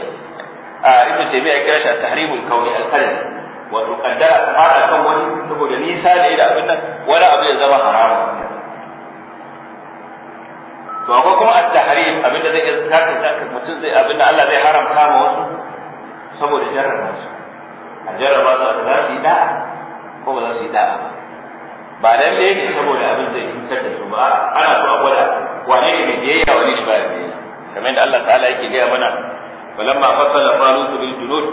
S1: a ibnu taymiya ya kira shi tahrimul kauni al-qalbi wato kaddara ta fada kan wani saboda nisa da yi da abin nan wani abu ya zama haramun. to akwai kuma at-tahrim abin da zai zaka zaka mutum zai abin da Allah zai haramta ma wasu saboda jarraba su a jarraba su da za su yi da'a ko ba za su yi da'a ba ba dan ne ne saboda abin zai cutar da su ba ana so a gwada wane ne mai biyayya wani shi ba biyayya kamar yadda Allah ta'ala yake gaya mana falamma fasala falut bil junud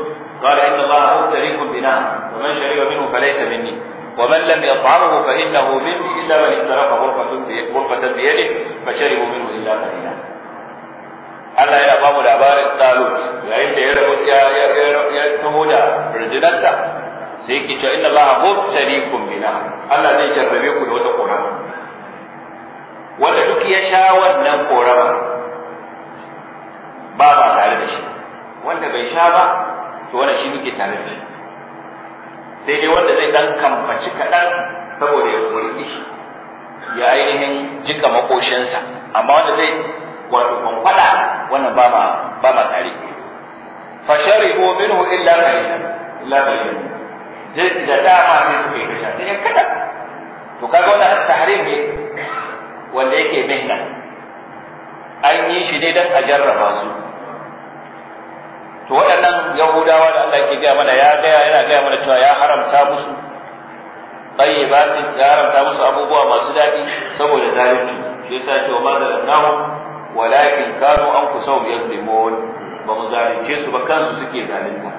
S1: قال إن الله مبتليكم بنعم ومن شرب منه فليس مني ومن لم يطعمه فإنه مني إلا من استرق غرفة غرفة بيده فشربوا منه إلا قليلا Allah yana ba mu labarin Talut yayin da ya rabu ya ya taho da rijinarsa sai yake cewa inna Allah mubtaliikum bina Allah zai jarrabe ku da wata korama wanda duk ya sha wannan korama ba ba tare da shi wanda bai sha ba to wannan shi muke tare da shi sai dai wanda zai dan kamfaci kaɗan saboda ya murƙi ya ainihin jika makoshinsa amma wanda zai wato kwankwada wannan ba ma ba ma tare fa sharibu minhu illa qalilan illa qalilan zai da dama sai suka yi kasha sai kada to kaga wannan tahrim ne wanda yake mihna an yi shi ne don a jarraba su to waɗannan yahudawa da Allah ke gaya mana ya gaya yana gaya mana cewa ya haramta musu tsaye ba ya haramta musu abubuwa masu daɗi saboda zalunci shi yasa cewa ma nahu walakin kanu an biyar yazlimun ba mu zalunce su ba kansu suke zalunta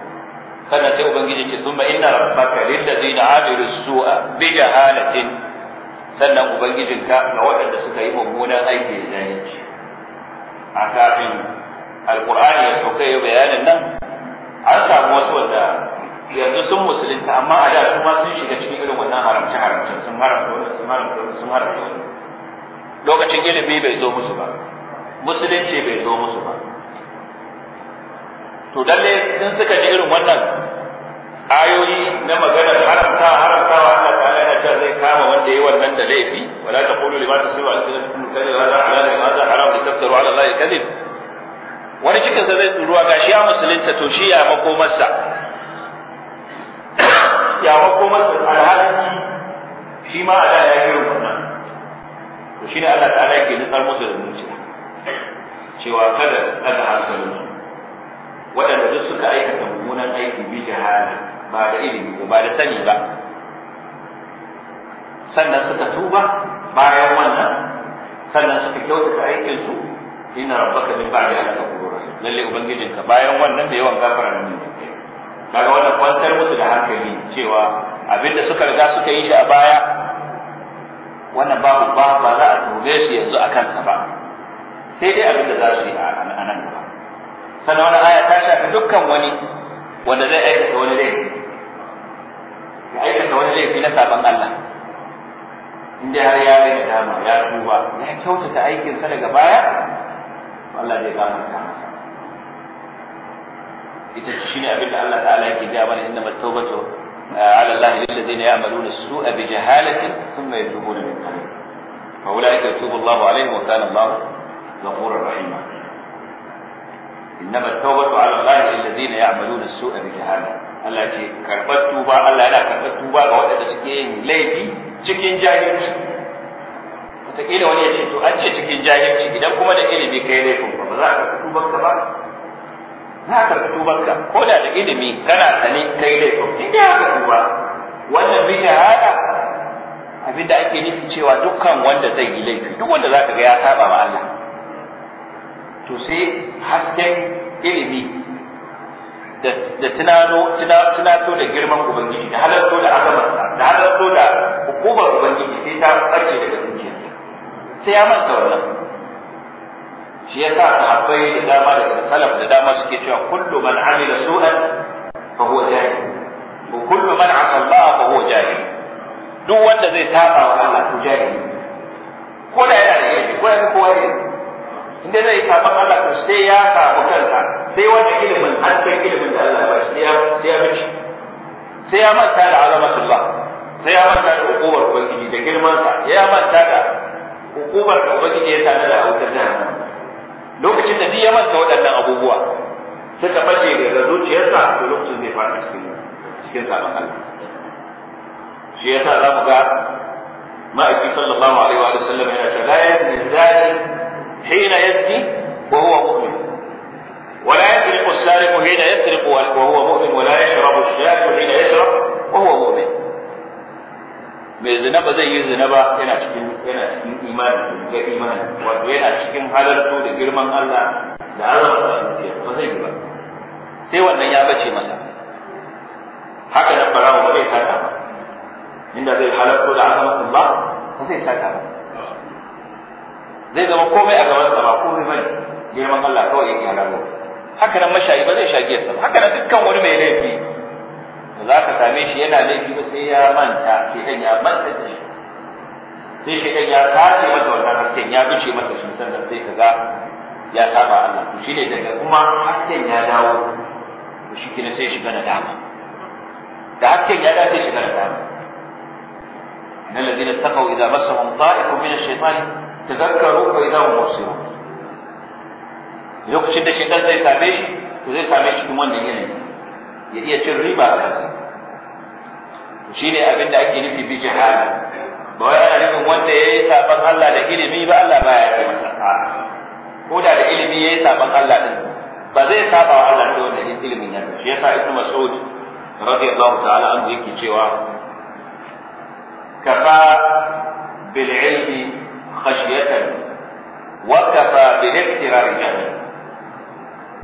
S1: kana sai ubangiji ce thumma inna rabbaka lillazina amilu su'a bi jahalatin sannan ubangijinka ga waɗanda suka yi mummunan aiki da zalunci a kafin alqur'ani ya sauka ya bayanin nan an samu wasu wanda yanzu sun musulunta amma a da su ma sun shiga cikin irin wannan haramce haramce sun haramta wannan sun haramta wannan sun haramta wannan lokacin ilimi bai zo musu ba musulunci bai zo musu ba to dalle sun suka ji irin wannan ayoyi na maganar haramta haramta Allah ta'ala yana cewa zai kama wanda yayi wannan da laifi wala taqulu lima tasiru al-sinatu kullu la ta'lamu ma za hadha haram litaftaru ala Allah al-kadhib wani cikin cikinsa zai tsuruwa shi ya musulunta to shi ya makomarsa
S3: ya makomarsa
S1: alhalin shi ma a da ya yi wannan to ne Allah ta'ala yake nutsar musu da zuciya cewa kada kada hankalin waɗanda duk suka aikata mummunan aiki bi jahala ba da ilimi ko ba da sani ba sannan suka tuba bayan wannan sannan suka kyautata aikinsu, ina inna rabbaka min ba'di an taqu lalle ubangijinka bayan wannan da yawan gafara ne kaga wannan kwantar musu da hankali cewa abinda suka riga suka yi shi a baya wannan babu ba ba za a dube shi yanzu a kansa ba sai dai abinda za su yi a nan gaba sannan wannan aya ta shafi dukkan wani wanda zai aikata wani laifi ya aikata wani laifi na sabon Allah in dai har ya rage dama ya tuba ya kyautata aikinsa daga baya Allah zai gafarta masa ita shine abin da Allah ta'ala yake ga mana inna eh, ala Allah lil ladina ya'maluna sua bi thumma yatubuna min fa Allah alaihim wa kana Allah ghafurur ala Allah lil ladina ya'maluna sua bi Allah ce karbar tuba Allah yana karbar tuba ga waɗanda suke yin laifi cikin jahilci wani ya ce to an ce cikin jahilci idan kuma da ilimi kai laifin ba ba za ba za ka tubar ka ko da da ilimi kana ta kai laifin in da ka tuba
S3: wannan bi shahada
S1: abin da ake nufi cewa dukkan wanda zai yi laifi duk wanda za ka ga ya saba ma Allah to sai hasken ilimi da tunano tunato da girman ubangiji da halarto da azamarsa da halarto da hukumar ubangiji sai ta ɓace daga zuciyarsa sai ya manta wannan shi yasa sahabbai da dama da salaf da dama suke cewa kullu man amila su'an fa huwa jahil wa kullu man asa Allah fa huwa jahil duk wanda zai saba wa Allah to jahili ko da yana da ilimi ko yana kowa ne inda zai saba Allah to sai ya saba kansa sai wanda ilimin har sai ilimin da Allah ba sai ya sai ya bishi sai ya manta da azamatullah sai ya manta da hukumar ubangiji da girman sa ya manta da hukumar da ubangiji ya tana da autar jahannam lokacin da ya manta waɗannan abubuwa sai suka bace daga zuciyarsa to lokacin zai fara cikin cikin sabon Allah shi yasa za mu ga ma'aiki sallallahu alaihi wa sallam yana cewa la yazni zani hina yazni wa huwa mu'min ولا يسرق السارق حين يسرق وهو مؤمن ولا يشرب الشارب حين يشرب وهو مؤمن mai zina ba zai yi zina ba yana cikin yana cikin imani ga imani wato yana cikin halartu da girman Allah da Allah ba zai yi ba sai wannan ya bace masa haka da farawa ba zai saka ba inda zai halartu da azamatullah ba zai saka ba zai zama komai a gaban sa ba komai bane girman Allah kawai yake halarwa haka nan mashayi ba zai shagiyarsa ba haka nan dukkan wani mai laifi da za ka same shi yana laifi ba sai ya manta sai ya manta shi sai shi ya kace masa wannan hasken ya bice masa shi sannan sai ka ga ya saba Allah to shine daga kuma hasken ya dawo to shi kina sai shi na dama da hasken ya shi sai shiga na dama إن الذين اتقوا إذا مسهم طائف ta الشيطان تذكروا فإذا هم yau. lokacin da shi kan zai same shi to zai same shi kuma wannan yanayi ya iya cin riba a kansa shi ne abin da ake nufi bi jihad ba wai ana nufin wanda ya yi saban Allah da ilimi ba Allah ba ya yi ko da da ilimi ya yi saban Allah din ba zai saba wa Allah da wanda ilimin ya shi yasa ibnu mas'ud radiyallahu ta'ala anhu yake cewa kafa bil ilmi khashyatan wa kafa bil ihtirari jahil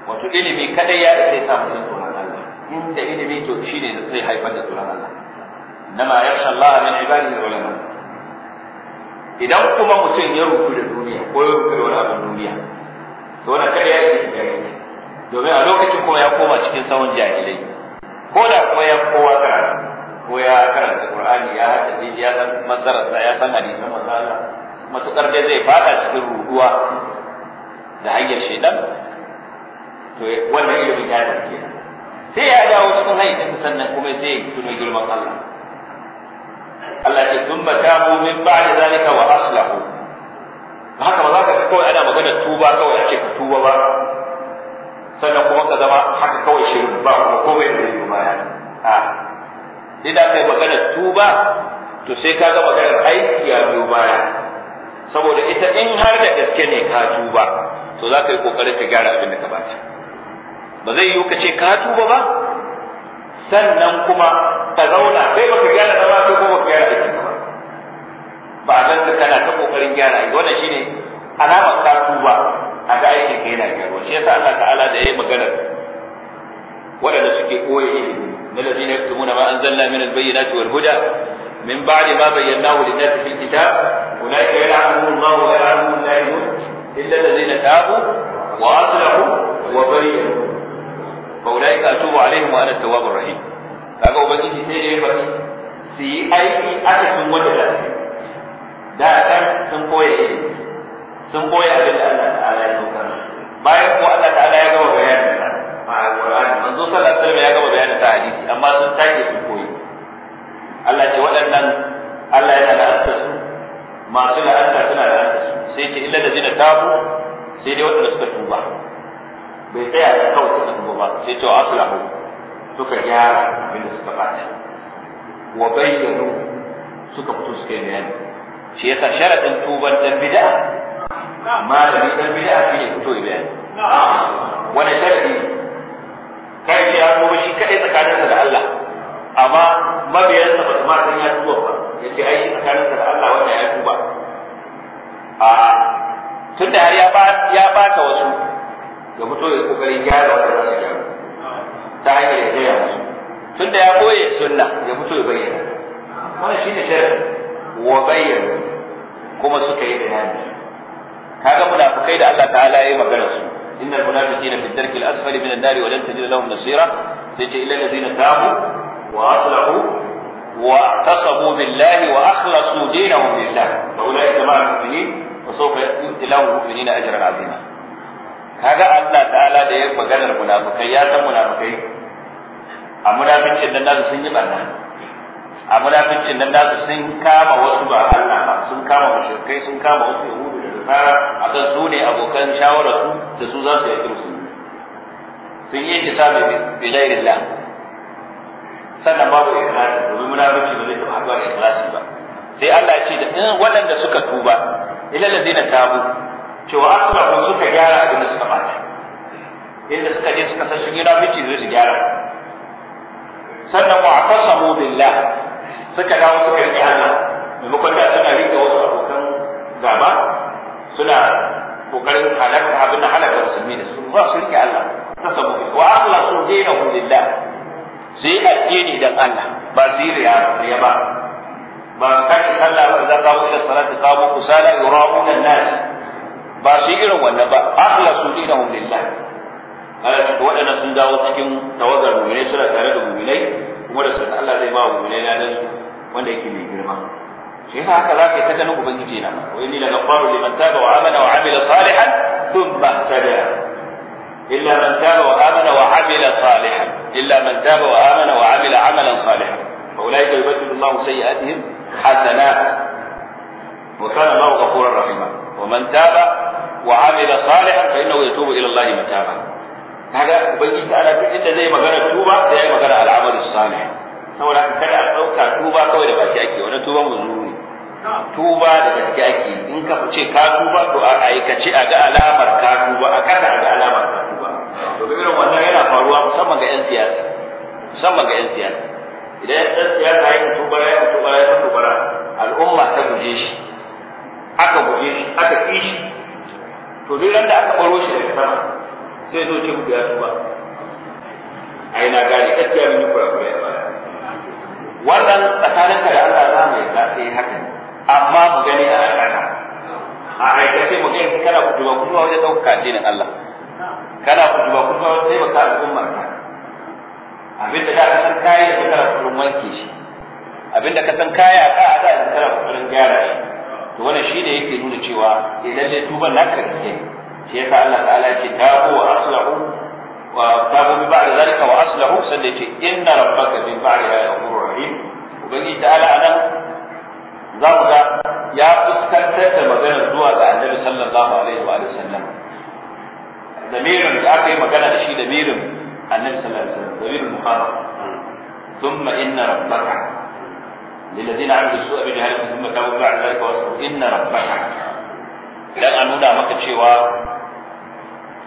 S1: wato ilimi kadai ya isa samun inda ilimi to shine zai haifar da tsoron Allah nama yakhsha Allah min da ulama idan kuma mutum ya rufu da duniya ko ya rufu da wani abin duniya to wani kai ya yi jahilci domin a lokacin kuma ya koma cikin tsawon jahilai ko da kuma ya kowa karatu ko ya karanta Qur'ani ya hada ya san mazarasa ya san hadiza, manzo Matuƙar matukar dai zai fada cikin ruɗuwa da hanyar shaidan to wannan ilimin ya dauke sai ya dawo cikin hayyacin sannan kuma sai ya tuno girman Allah Allah ya tumba mu min ba'da zalika wa aslahu haka ba za ka kawai ana magana tuba kawai ake ka tuba ba sannan kuma ka zama haka kawai shirin ba kuma komai da yi baya a idan kai magana tuba to sai ka ga maganar aiki ya biyo baya saboda ita in har da gaske ne ka tuba to za ka yi kokarin ka gyara abin da ka bata ba zai yiwu kace ka tuba ba
S2: sannan kuma ka zauna kai baka gyara zama
S1: kai kuma baka gyara aiki ba ba a ganka kana ta kokarin gyara aiki wannan shine alamar ka tuba a ga aiki kai yana gyaruwa shi yasa Allah ta'ala da yayi magana wadanda suke koyi na ladina yaktumuna ma anzalna min al wal huda من fi kitab بيناه
S2: yalamu Allahu wa yalamu يلعنهم
S1: الله illa alladhina الا wa aslahu wa وبينوا fa ulaika atubu alaihim wa ana tawwabur rahim kaga ubangiji sai da ya faɗi su yi aiki aka sun wanda da da kan sun koya ilimi sun koya abin da Allah ta'ala ya doka bayan ko Allah ta'ala ya gama bayanin sa a Qur'ani manzo sallallahu alaihi wasallam ya gama bayanin sa hadisi amma sun take sun koyi Allah ce waɗannan Allah yana da su masu la'anta suna da su sai ce illa da jina tabu sai dai waɗanda suka tuba bai tsaya da kawai suka tuba ba sai to aslahu suka gyara abin da suka bata wa bayyanu suka fito suka yi bayani shi yasa sharadin tubar dan bid'a
S3: malami dan bid'a shi ne
S1: fito yi bayani wani sharadi kai ce ya koma shi kaɗai tsakanin da Allah amma mabiyansa ba su ma san ya tuba ba yace ai tsakanin da Allah wanda ya tuba a tunda har ya ba ya wasu ya fito ya kokari gyara wanda za su gyara ta hanyar ya gaya musu tun da ya koye sunna ya fito ya bayyana wannan shine sharri wa bayyana kuma suka yi bayani kaga munafikai da Allah ta'ala ya yi magana su innal munafiqina fi ddarki al-asfali min an-nar wa lan tajid lahum nasira sai ce illa allazina tabu wa aslahu واعتصموا بالله واخلصوا دينهم لله فاولئك مع المؤمنين وسوف يؤتي لهم المؤمنين اجرا عظيما kaga Allah ta'ala da ya maganar munafikai ya san munafikai a munafikin nan nasu sun yi barna a munafikin nan nasu sun kama wasu ba Allah ba sun kama mushrikai sun kama wasu yahudu da nasara san su ne abokan shawara su da su za su yi su sun yi kitabi bi ghairillah sannan babu ikhlasi domin munafiki ba zai taɓa haɗuwa da ikhlasi ba sai Allah ya ce da waɗanda suka tuba ilal ladina tabu cewa aslahu suka gyara abin da suka bata yadda suka je suka san shigina miki zai su gyara sannan wa aqsamu billah suka dawo suka yi Allah maimakon da suna rike wasu abokan gaba suna kokarin halaka abin da halaka musulmi da su ba su rike Allah aqsamu billah wa akhlasu dinahu lillah sai addini dan Allah ba su yi riya ba ba su kashi sallah ba za ka wuce salati qamu kusala yura'una an-nas ba shi irin wannan ba su akhlasu hum lillah ala cikin waɗannan sun dawo cikin tawagar mu'minai sura tare da mu'minai kuma da sun Allah zai ba mu mu'minai da su wanda yake mai girma shi yasa haka zaka yi ta ganin ubangiji na wa inna la liman taba wa amana wa amila salihan thumma tada illa man taba wa amana wa amila salihan illa man taba wa amana wa amila amalan salihan fa ulai ka yubaddilu Allahu sayi'atihim hasanat وكان الله غفورا رحيما ومن تاب
S3: وعمل صالحا فانه يتوب
S1: الى الله متابا kaga ubangiji ta ala duk inda zai magana tuba sai ya magana al'amal salih saboda kada a dauka tuba kawai da baki ake wani tuban muzuri tuba da gaske ake in ka fice ka tuba to a a ga alamar ka tuba a a ga alamar ka tuba irin wannan yana faruwa musamman ga yan siyasa musamman ga yan siyasa idan yan siyasa ya tuba ya ya tuba al'umma ta guje shi aka guje shi aka ƙi shi to duk da aka baro shi daga sama sai zo ce ku ya tuba a yi gane gaskiya mun yi kurakurai ba wannan tsakanin ka da Allah za mu ta sai haka amma mu gani a aikata a aikata mu gani kana kutuba kutuba wajen ɗaukaka addinin Allah kana kutuba kutuba wajen taimaka al'ummar ka abin da ka san kayi da kana kurin wanke shi abin da ka san kaya ka a da kana kurin gyara shi to wannan shine yake nuna cewa eh lalle tuban naka ne shi yasa Allah ta'ala ce ta tabu wa aslahu wa tabu bi ba'da zalika wa aslahu sannan ce inna rabbaka min ba'daha ghafurur rahim ubangiji ta'ala anan za mu ga ya fuskantar da maganar zuwa ga annabi sallallahu alaihi wa sallam damirin da aka yi magana da shi damirin annabi sallallahu alaihi wa sallam damirin muhammad thumma inna rabbaka للذين عملوا السوء بجهاله ثم تابوا بعد ذلك واصبروا ان ربك dan a nuna maka cewa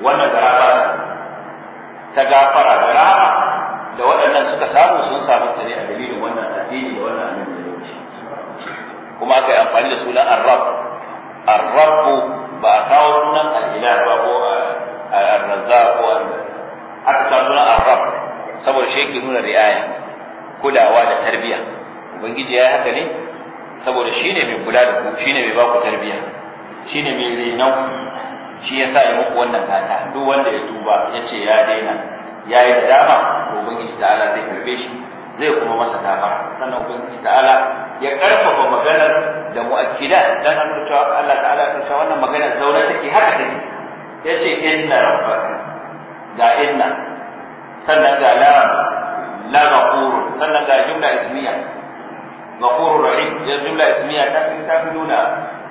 S1: wannan garaba ta gafara da rama da waɗannan suka samu sun samu ta ne a dalilin wannan addini da wannan annabi da yake kuma aka yi amfani da sunan arrab. arab ba a kawo sunan al-ilah ba ko al-razzaq ko aka kawo sunan arrab saboda shi yake nuna ri'aya kulawa da tarbiyya ubangiji ya yi haka ne saboda shi ne mai kula da ku shi ne mai baku tarbiyya shi ne mai renon shi ya sa yi muku wannan gata duk wanda ya tuba ya ce ya daina ya yi da dama to ubangiji ala zai karbe shi zai kuma masa dama sannan ubangiji ala ya karfafa maganar da mu'akkida dan an Allah ta'ala ta sa wannan magana zaura take haka take yace inna rabbaka ga inna sannan ga la la ghafur sannan ga jumla ismiya غفور رحيم يا جملة اسمية تفيدون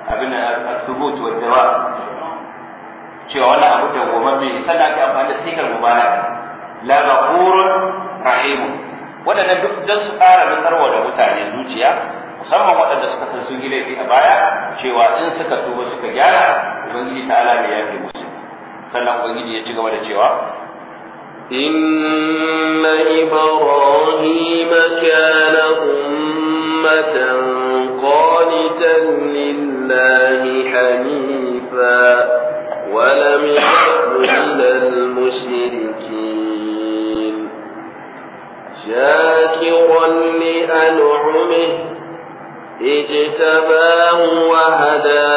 S1: abin al-thubut wa jawab cewa wani abu da goma mai sannan ake amfani da sikar mubarak duk da su ƙara nutsarwa da mutane zuciya musamman waɗanda suka san sun yi a baya cewa in suka tuba suka gyara ubangiji
S4: ta'ala ne ya fi musu sannan ubangiji ya ci gaba da cewa إن إبراهيم كان أمة قانتا لله حنيفا ولم
S3: المشركين
S4: شاكرا لأنعمه اجتباه وهداه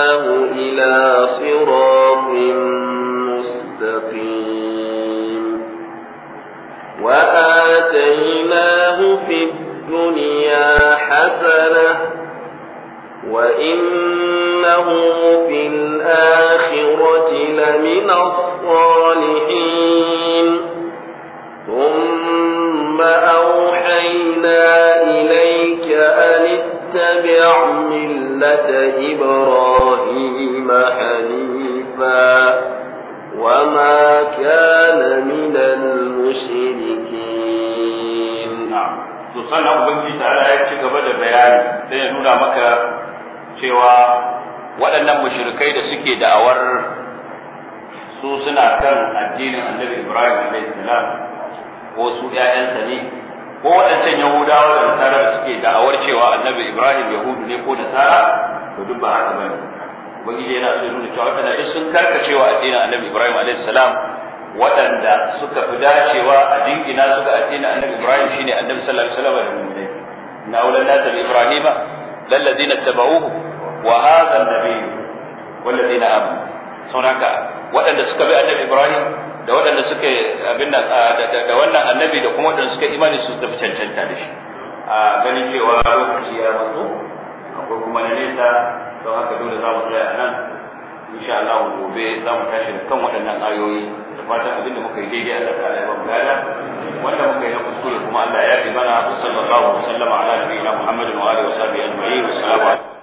S1: gobe za mu tashi da kan waɗannan ayoyi da fatan abinda muka yi daidai Allah ta'ala ya bamu gada
S3: wanda muka yi na kuskure kuma Allah ya yi mana sallallahu alaihi wa sallama ala nabiyina Muhammadin wa alihi wa sahbihi ajma'in wa salamu alaikum